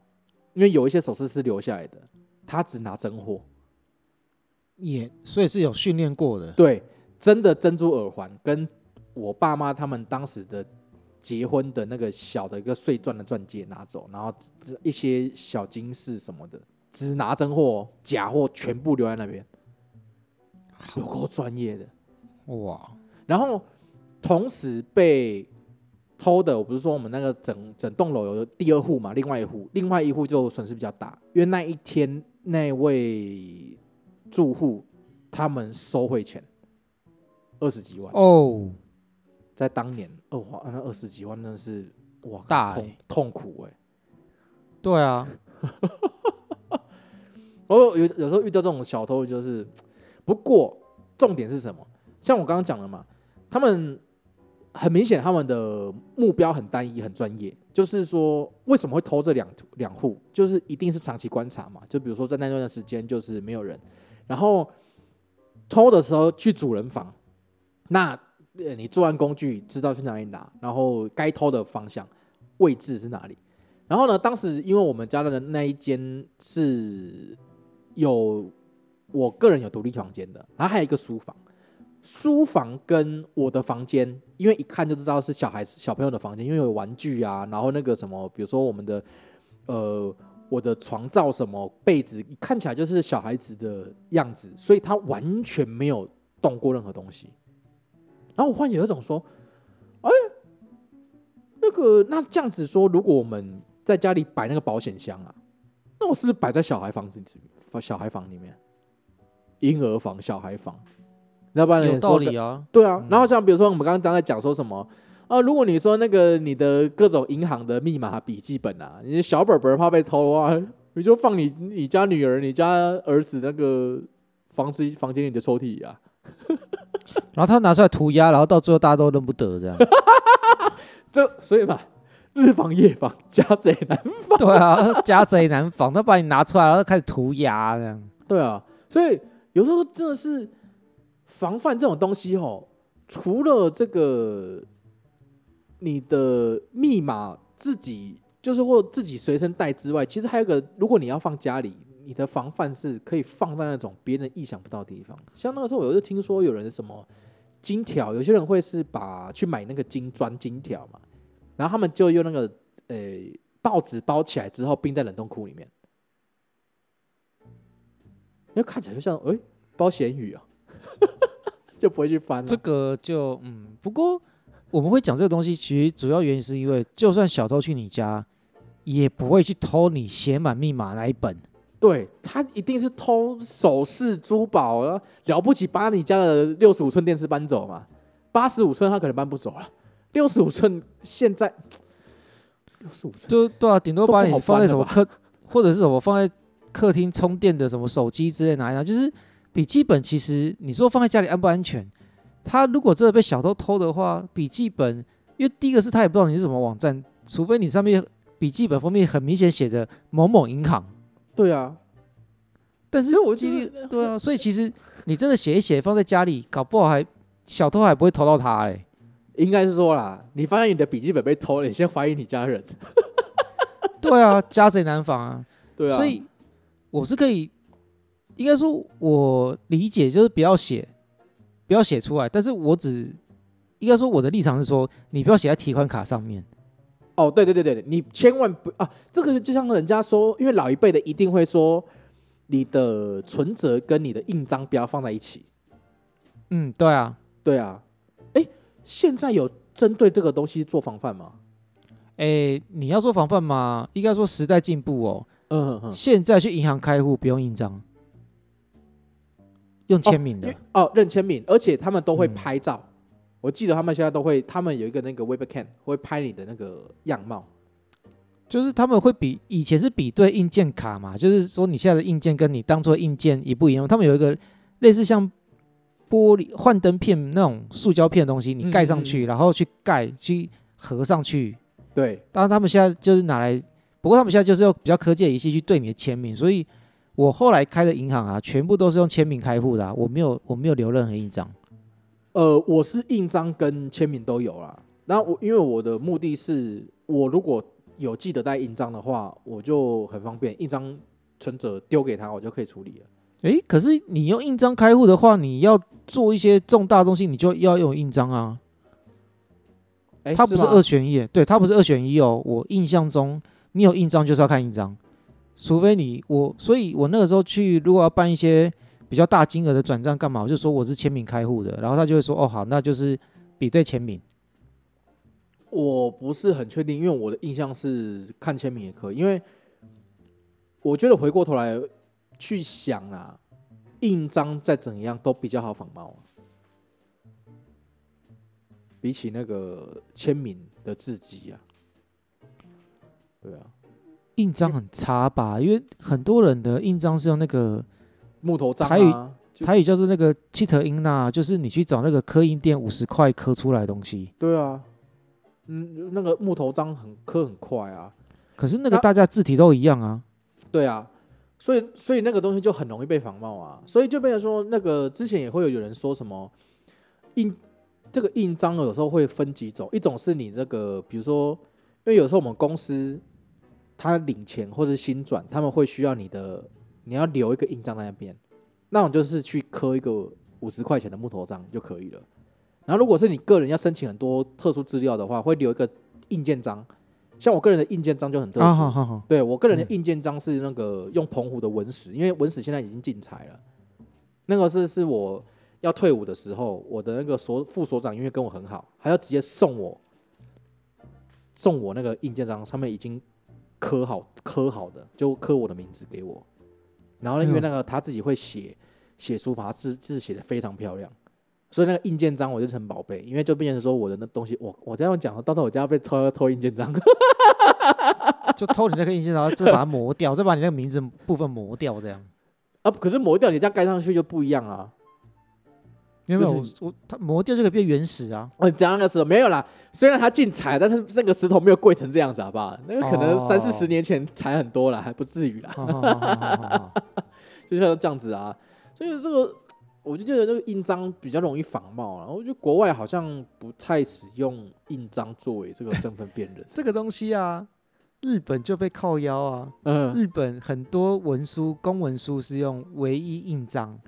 因為有一些首飾是留下來的，他只拿真貨，也所以是有訓練過的。對，真的珍珠耳環，跟我爸媽他們當時的結婚的那個小的一個碎鑽的鑽戒拿走，然後一些小金飾什麼的，只拿真貨，假貨全部留在那邊，有夠專業的哇！然後同時被。偷的，我不是說我們那個整整棟樓有的第二戶嘛，另外一戶，另外一戶就損失比較大，因為那一天那位住戶他們收回錢二十幾萬哦，oh. 在當年二萬，那二十幾萬真的是哇，大、欸、痛，痛苦哎、欸，對啊，哦 有有時候遇到這種小偷就是，不過重點是什麼？像我剛剛講的嘛，他們。很明顯，他們的目標很單一、很專業，就是說為什麼會偷這兩兩戶，就是一定是長期觀察嘛。就比如說在那段時間就是沒有人，然後偷的時候去主人房，那你作案工具知道去哪裡拿，然後該偷的方向位置是哪裡。然後呢，當時因為我們家的那一間是有我個人有獨立房間的，然後還有一個書房。書房跟我的房間，因為一看就知道是小孩子小朋友的房間，因為有玩具啊，然後那個什麼，比如說我們的呃我的床罩什麼被子，看起來就是小孩子的樣子，所以他完全沒有動過任何東西。然後我換有一種說，哎，那個那這樣子說，如果我們在家裡擺那個保險箱啊，那我是不是擺在小孩房子、小孩房裡面，嬰兒房、小孩房？要不然道，哦，有道理啊，哦，對啊。然後像比如說我們剛剛在講說什麼，啊？嗯、如果你說那個你的各種銀行的密碼筆記本啊，你的小本本怕被偷的話，你就放你你家女兒、你家兒子那個房子房間裡的抽屜啊。嗯、 然後他拿出來塗鴉，然後到最後大家都認不得這樣。 這所以嘛，日防夜防，家賊難防。對啊，家賊難防，他把你拿出來，然後開始塗鴉這樣。對啊，所以有時候真的是。防範這種東西吼，除了這個你的密碼自己就是或自己隨身帶之外，其實還有一個，如果你要放家裡，你的防範是可以放在那種別人意想不到的地方。像那個時候，我就聽說有人什麼金條，有些人會是把去買那個金磚、金條嘛，然後他們就用那個呃、欸、報紙包起來之後，冰在冷凍庫裡面，因為看起來就像哎、欸、包鹹魚啊。 就不會去翻了。這個就嗯，不過我們會講這個東西，其實主要原因是因為，就算小偷去你家，也不會去偷你寫滿密碼那一本。對，他一定是偷首飾珠寶，然後了不起把你家的六十五寸電視搬走嘛？八十五寸他可能搬不走了，六十五寸現在六十五寸就對啊，頂多把你放在什麼客或者是什麼放在客廳充電的什麼手機之類拿一張，就是。筆記本，其實你說放在家裡安不安全？他如果真的被小偷偷的話，筆記本，因為第一個是他也不知道你是什麼網站，除非你上面筆記本封面很明顯寫着某某銀行。對啊，但是但我記得，對啊，所以其實你真的寫一寫放在家裡， 搞不好還小偷還不會偷到他哎、欸。應該是說啦，你發現你的筆記本被偷了，你先懷疑你家人。 對啊，家賊難防啊。對啊，所以我是可以。應該說，我理解就是不要寫，不要寫出來。但是我只應該說我的立場是說，你不要寫在提款卡上面。哦，對對對對你千萬不啊！這個就像人家說，因為老一輩的一定會說，你的存折跟你的印章不要放在一起。嗯，對啊，對啊。哎、欸，現在有針對這個東西做防範嗎？哎、欸，你要做防範嗎？應該說時代進步哦。嗯哼哼，現在去銀行開戶不用印章。用簽名的哦，認簽、哦、名，而且他們都會拍照。嗯、我記得他們現在都會，他們有一個那個 webcam 會拍你的那個樣貌，就是他們會比以前是比對硬件卡嘛，就是說你現在的硬件跟你當初的硬件也不一樣。他們有一個類似像玻璃幻燈片那種塑膠片的東西，你蓋上去，嗯嗯、然後去蓋去合上去。對。當然他們現在就是拿來，不過他們現在就是要比較科技的儀器去對你的簽名，所以。我後來開的銀行啊，全部都是用簽名開戶的啊。我沒有，我沒有留任何印章。呃，我是印章跟簽名都有啦。那我因為我的目的是，我如果有記得帶印章的話，我就很方便，印章存折丟給他，我就可以處理了。欸，可是你用印章開戶的話，你要做一些重大東西，你就要用印章啊。欸、他不是二選一，嗎對他不是二選一哦。我印象中，你有印章就是要看印章。除非你我，所以我那個時候去，如果要辦一些比較大金額的轉賬，幹嘛？我就說我是簽名開戶的，然後他就會說：“哦，好，那就是比對簽名。”我不是很確定，因為我的印象是看簽名也可以，因為我覺得回過頭來去想啦，啊，印章再怎樣都比較好仿冒啊，比起那個簽名的字跡啊，對啊。印章很差吧，因為很多人的印章是用那個木頭章啊，台語，就，台語就是那個柴頭印吶，就是你去找那個刻印店五十塊刻出來的東西。對啊，嗯，那個木頭章很刻很快啊。可是那個大家字體都一樣啊。對啊，所以所以那個東西就很容易被仿冒啊，所以就變成說那個之前也會有有人說什麼印這個印章有時候會分幾種，一種是你這、那個比如說，因為有時候我們公司。他領錢或者新轉，他們會需要你的，你要留一個印章在那邊。那種就是去刻一個五十塊錢的木頭章就可以了。然後如果是你個人要申請很多特殊資料的話，會留一個印鑑章。像我個人的印鑑章就很特殊，啊、好好好，對我個人的印鑑章是那個用澎湖的文石，嗯、因為文石現在已經禁採了。那個是是我要退伍的時候，我的那個所副所長因為跟我很好，還要直接送我送我那個印鑑章，上面已經。刻好刻好的，就刻我的名字給我。然後因為那個他自己會寫寫書法，字字寫的非常漂亮，所以那個印鑑章我就成寶貝。因為就變成說我的那東西，我我這樣講到時候我就要被偷，偷印鑑章， 就偷你那個印鑑章，就把它磨掉，再 把你那個名字部分磨掉，這樣啊？可是磨掉你再蓋上去就不一樣啊。因為它磨掉這個變原始啊！哦，講那個石頭沒有啦，雖然它進財，但是那個石頭沒有貴成這樣子，好不好？那個可能三四十年前財很多了，還不至於啦。哦哦哦、 就像這樣子啊，所以這個我就覺得這個印章比較容易仿冒了。我覺得國外好像不太使用印章作為這個身份辨認。 這個東西啊，日本就被靠腰啊，嗯，日本很多文書公文書是用唯一印章，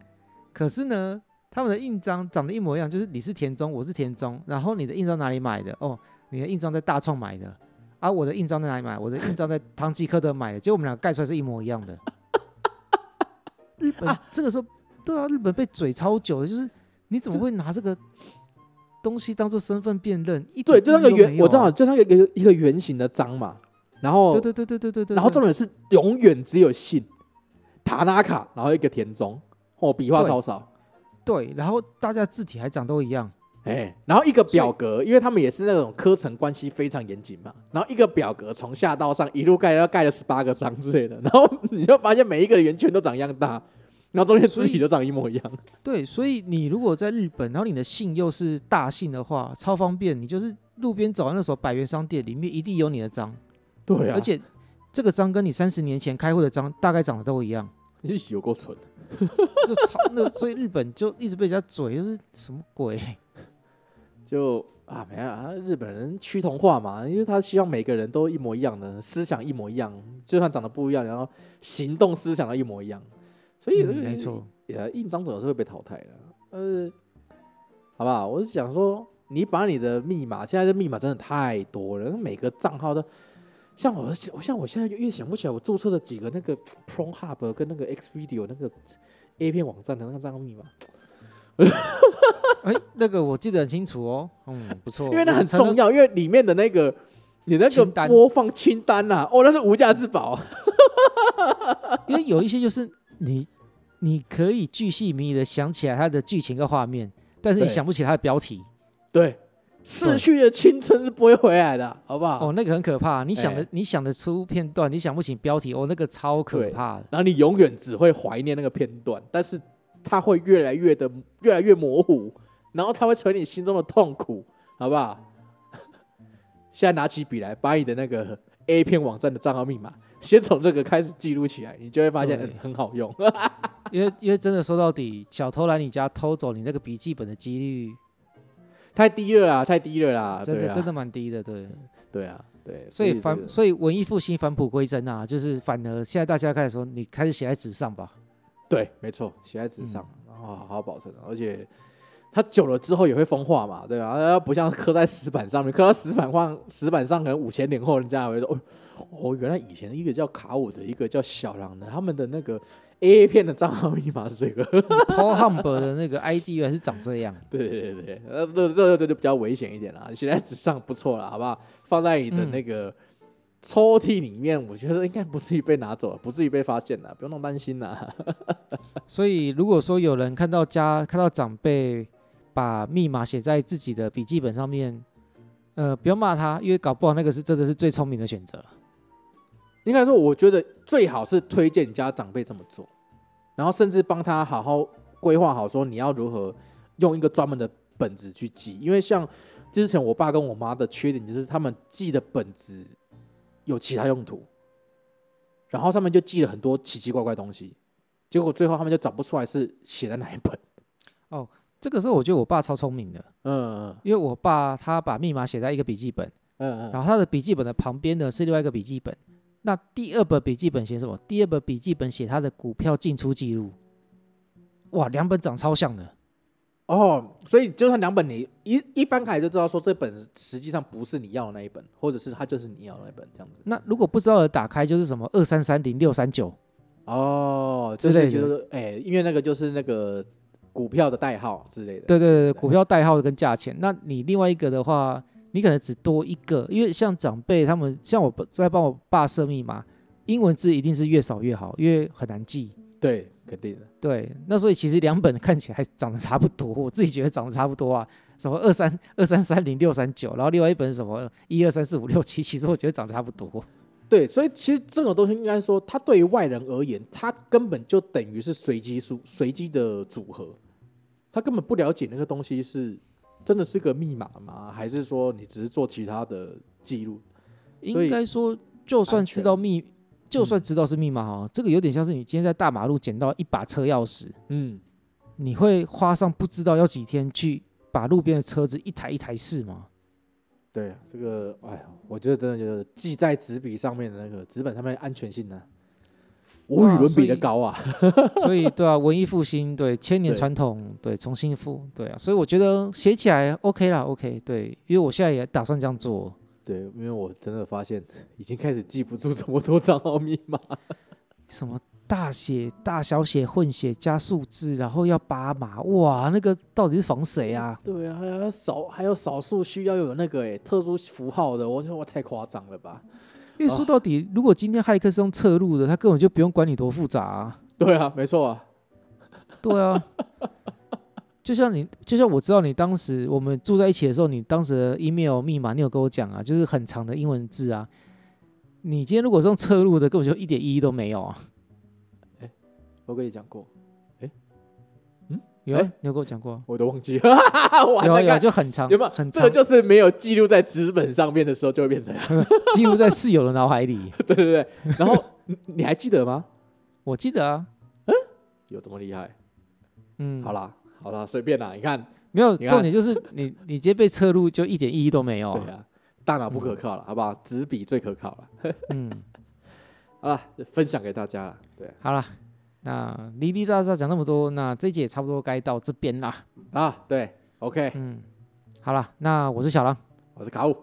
可是呢？他們的印章長得一模一樣，就是你是田中，我是田中，然後你的印章哪裡買的？哦、oh,，你的印章在大創買的，啊，我的印章在哪裡買？我的印章在唐吉訶德買的，結果我們兩個蓋出來是一模一樣的。 日本、啊、這個時候，對啊，日本被嘴超久了，就是你怎麼會拿這個東西當做身份辨認？一對，一啊、就那個圓，我知道，就像一個一個圓形的章嘛。然後，對對對對對對，對，對，對，對，對，對。然後重點是永遠只有姓塔納卡，然後一個田中，哦，筆畫超少。對，然後大家字體還長都一樣，哎、欸，然後一個表格，以因為他們也是那種科層關係非常嚴謹嘛，然後一個表格從下到上一路蓋，要後蓋了十八個章之類的，然後你就發現每一個圓圈都長一樣大，然後中間字體就長一模一樣。對，所以你如果在日本，然後你的姓又是大姓的話，超方便，你就是路邊走那時候，百元商店裡面一定有你的章，對啊，而且這個章跟你三十年前開戶的章大概長得都一樣，你有夠蠢的。 就超那個，所以日本就一直被人家嘴，就是什麼鬼？就啊，沒有啊，日本人趨同化嘛，因為他希望每個人都一模一樣的思想，一模一樣，就算長得不一樣，然後行動思想都一模一樣。所以、嗯、就沒錯錯，印章總是會被淘汰的。呃，好不好？我是想說，你把你的密碼，現在的密碼真的太多了，每個賬號都。像我，我像我現在就越想不起來我註冊的幾個那個 PornHub 跟那個 XVideo 那個 A 片網站的那個賬號密碼。哎、 欸，那個我記得很清楚哦，嗯，不錯，因為那很重要，因為裡面的那個你那個播放清單吶、啊，單哦，那是無價之寶。 因為有一些就是你你可以巨細靡遺的想起來它的劇情跟畫面，但是你想不起它的標題。對。對逝去的青春是不會回來的，好不好？哦，那個很可怕。你想的，欸、你想得出片段，你想不起標題，哦，那個超可怕的。然後你永遠只會懷念那個片段，但是它會越來越的越來越模糊，然後它會成為你心中的痛苦，好不好？現在拿起筆來，把你的那個 A 片網站的賬號密碼，先從這個開始記錄起來，你就會發現很好用，對 因為因為真的說到底，小偷來你家偷走你那個筆記本的幾率。太低了啦，太低了啦，真的對啦 真的蠻低的，對，對，對啊，對，所以反所以文藝復興返璞歸真啊，就是反而現在大家開始說，你開始寫在紙上吧，對，沒錯，寫在紙上，然後好好保存，哦，而且它久了之後也會風化嘛，對吧？啊？它不像刻在石板上面，刻到石板上，石板上可能五千年後人家還會說，哦，哦，原來以前一個叫卡五的，一個叫小狼的，他們的那個。A 片的賬號密碼是這個，Paul Humber 的那個 ID 還是長這樣。 對對對對，呃，對對對對，就比較危險一點啦。寫在紙上不錯了，好不好？放在你的那個抽屜裡面，嗯、我覺得應該不至於被拿走了，不至於被發現了，不用那麼擔心啦。 所以如果說有人看到家看到長輩把密碼寫在自己的筆記本上面，呃，不要罵他，因為搞不好那個是真的是最聰明的選擇。應該說，我覺得最好是推薦你家長輩這麼做，然後甚至幫他好好規劃好，說你要如何用一個專門的本子去記，因為像之前我爸跟我媽的缺點就是他們記的本子有其他用途，然後上面就記了很多奇奇怪怪的東西，結果最後他們就找不出來是寫在哪一本。哦，這個時候我覺得我爸超聰明的，嗯，因為我爸他把密碼寫在一個筆記本，嗯嗯，然後他的筆記本的旁邊呢是另外一個筆記本。那第二本筆記本寫什麼？第二本筆記本寫他的股票進出記錄。哇，兩本長超像的哦，oh, 所以就算兩本你一一翻開就知道說這本實際上不是你要的那一本，或者是他就是你要的那本這樣子。那如果不知道的打開就是什麼二三三零六三九哦，之類就是哎，因為那個就是那個股票的代號之類的。對對對，股票代號跟價錢。那你另外一個的話。你可能只多一個，因為像長輩他們，像我在幫我爸設密碼，英文字一定是越少越好，因為很難記。對，肯定的。對，那所以其實兩本看起來還長得差不多，我自己覺得長得差不多啊，什麼二三二三三零六三九，然後另外一本什麼一二三四五六七，其實我覺得長得差不多。對，所以其實這種東西應該說，它對於外人而言，它根本就等於是隨機數，隨機的組合，他根本不了解那個東西是。真的是個密碼嗎？還是說你只是做其他的記錄？應該說，就算知道密，安全，就算知道是密碼，哦、嗯，這個有點像是你今天在大馬路撿到一把車鑰匙，嗯，你會花上不知道要幾天去把路邊的車子一台一台試嗎？對，這個，哎呀，我覺得真的就是記在紙筆上面的那個紙本上面的安全性呢。無與倫比的高啊，所，所以對啊，文藝復興，對，千年傳統，對，對重新復，對啊，所以我覺得寫起來 OK 啦，OK 對，因為我現在也打算這樣做。對，因為我真的發現已經開始記不住這麼多賬號密碼，什麼大寫、大小寫混寫、加數字，然後要八碼，哇，那個到底是防誰啊？對啊，還有少還有少數需要有那個哎、欸、特殊符號的，我覺得我太誇張了吧。因為說到底，oh. 如果今天駭客是用側錄的，他根本就不用管你多複雜啊。對啊，沒錯啊，對啊。 就像你，就像我知道你當時我們住在一起的時候，你當時的 email 密碼，你有跟我講啊，就是很長的英文字啊。你今天如果是用側錄的，根本就一點意義都沒有啊。哎、欸，我跟你講過。有，有跟我講過，我都忘記了。有啊，就很長，有沒有？很長。這就是沒有記錄在紙本上面的時候，就會變成記錄在室友的腦海裡。對對對。然後你還記得嗎？我記得啊。嗯？有這麼厲害？嗯。好啦，好啦，隨便啦。你看，沒有重點就是你，你直接被側錄就一點意義都沒有。對啊，大腦不可靠了，好不好？紙筆最可靠了。嗯。好了，分享給大家了。對，好了。那粒粒沙沙講那麼多，那這一集也差不多該到這邊啦。啊，對，OK，嗯，好啦，那我是小狼，我是卡五，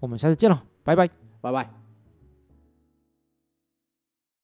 我們下次見咯，拜拜，拜拜。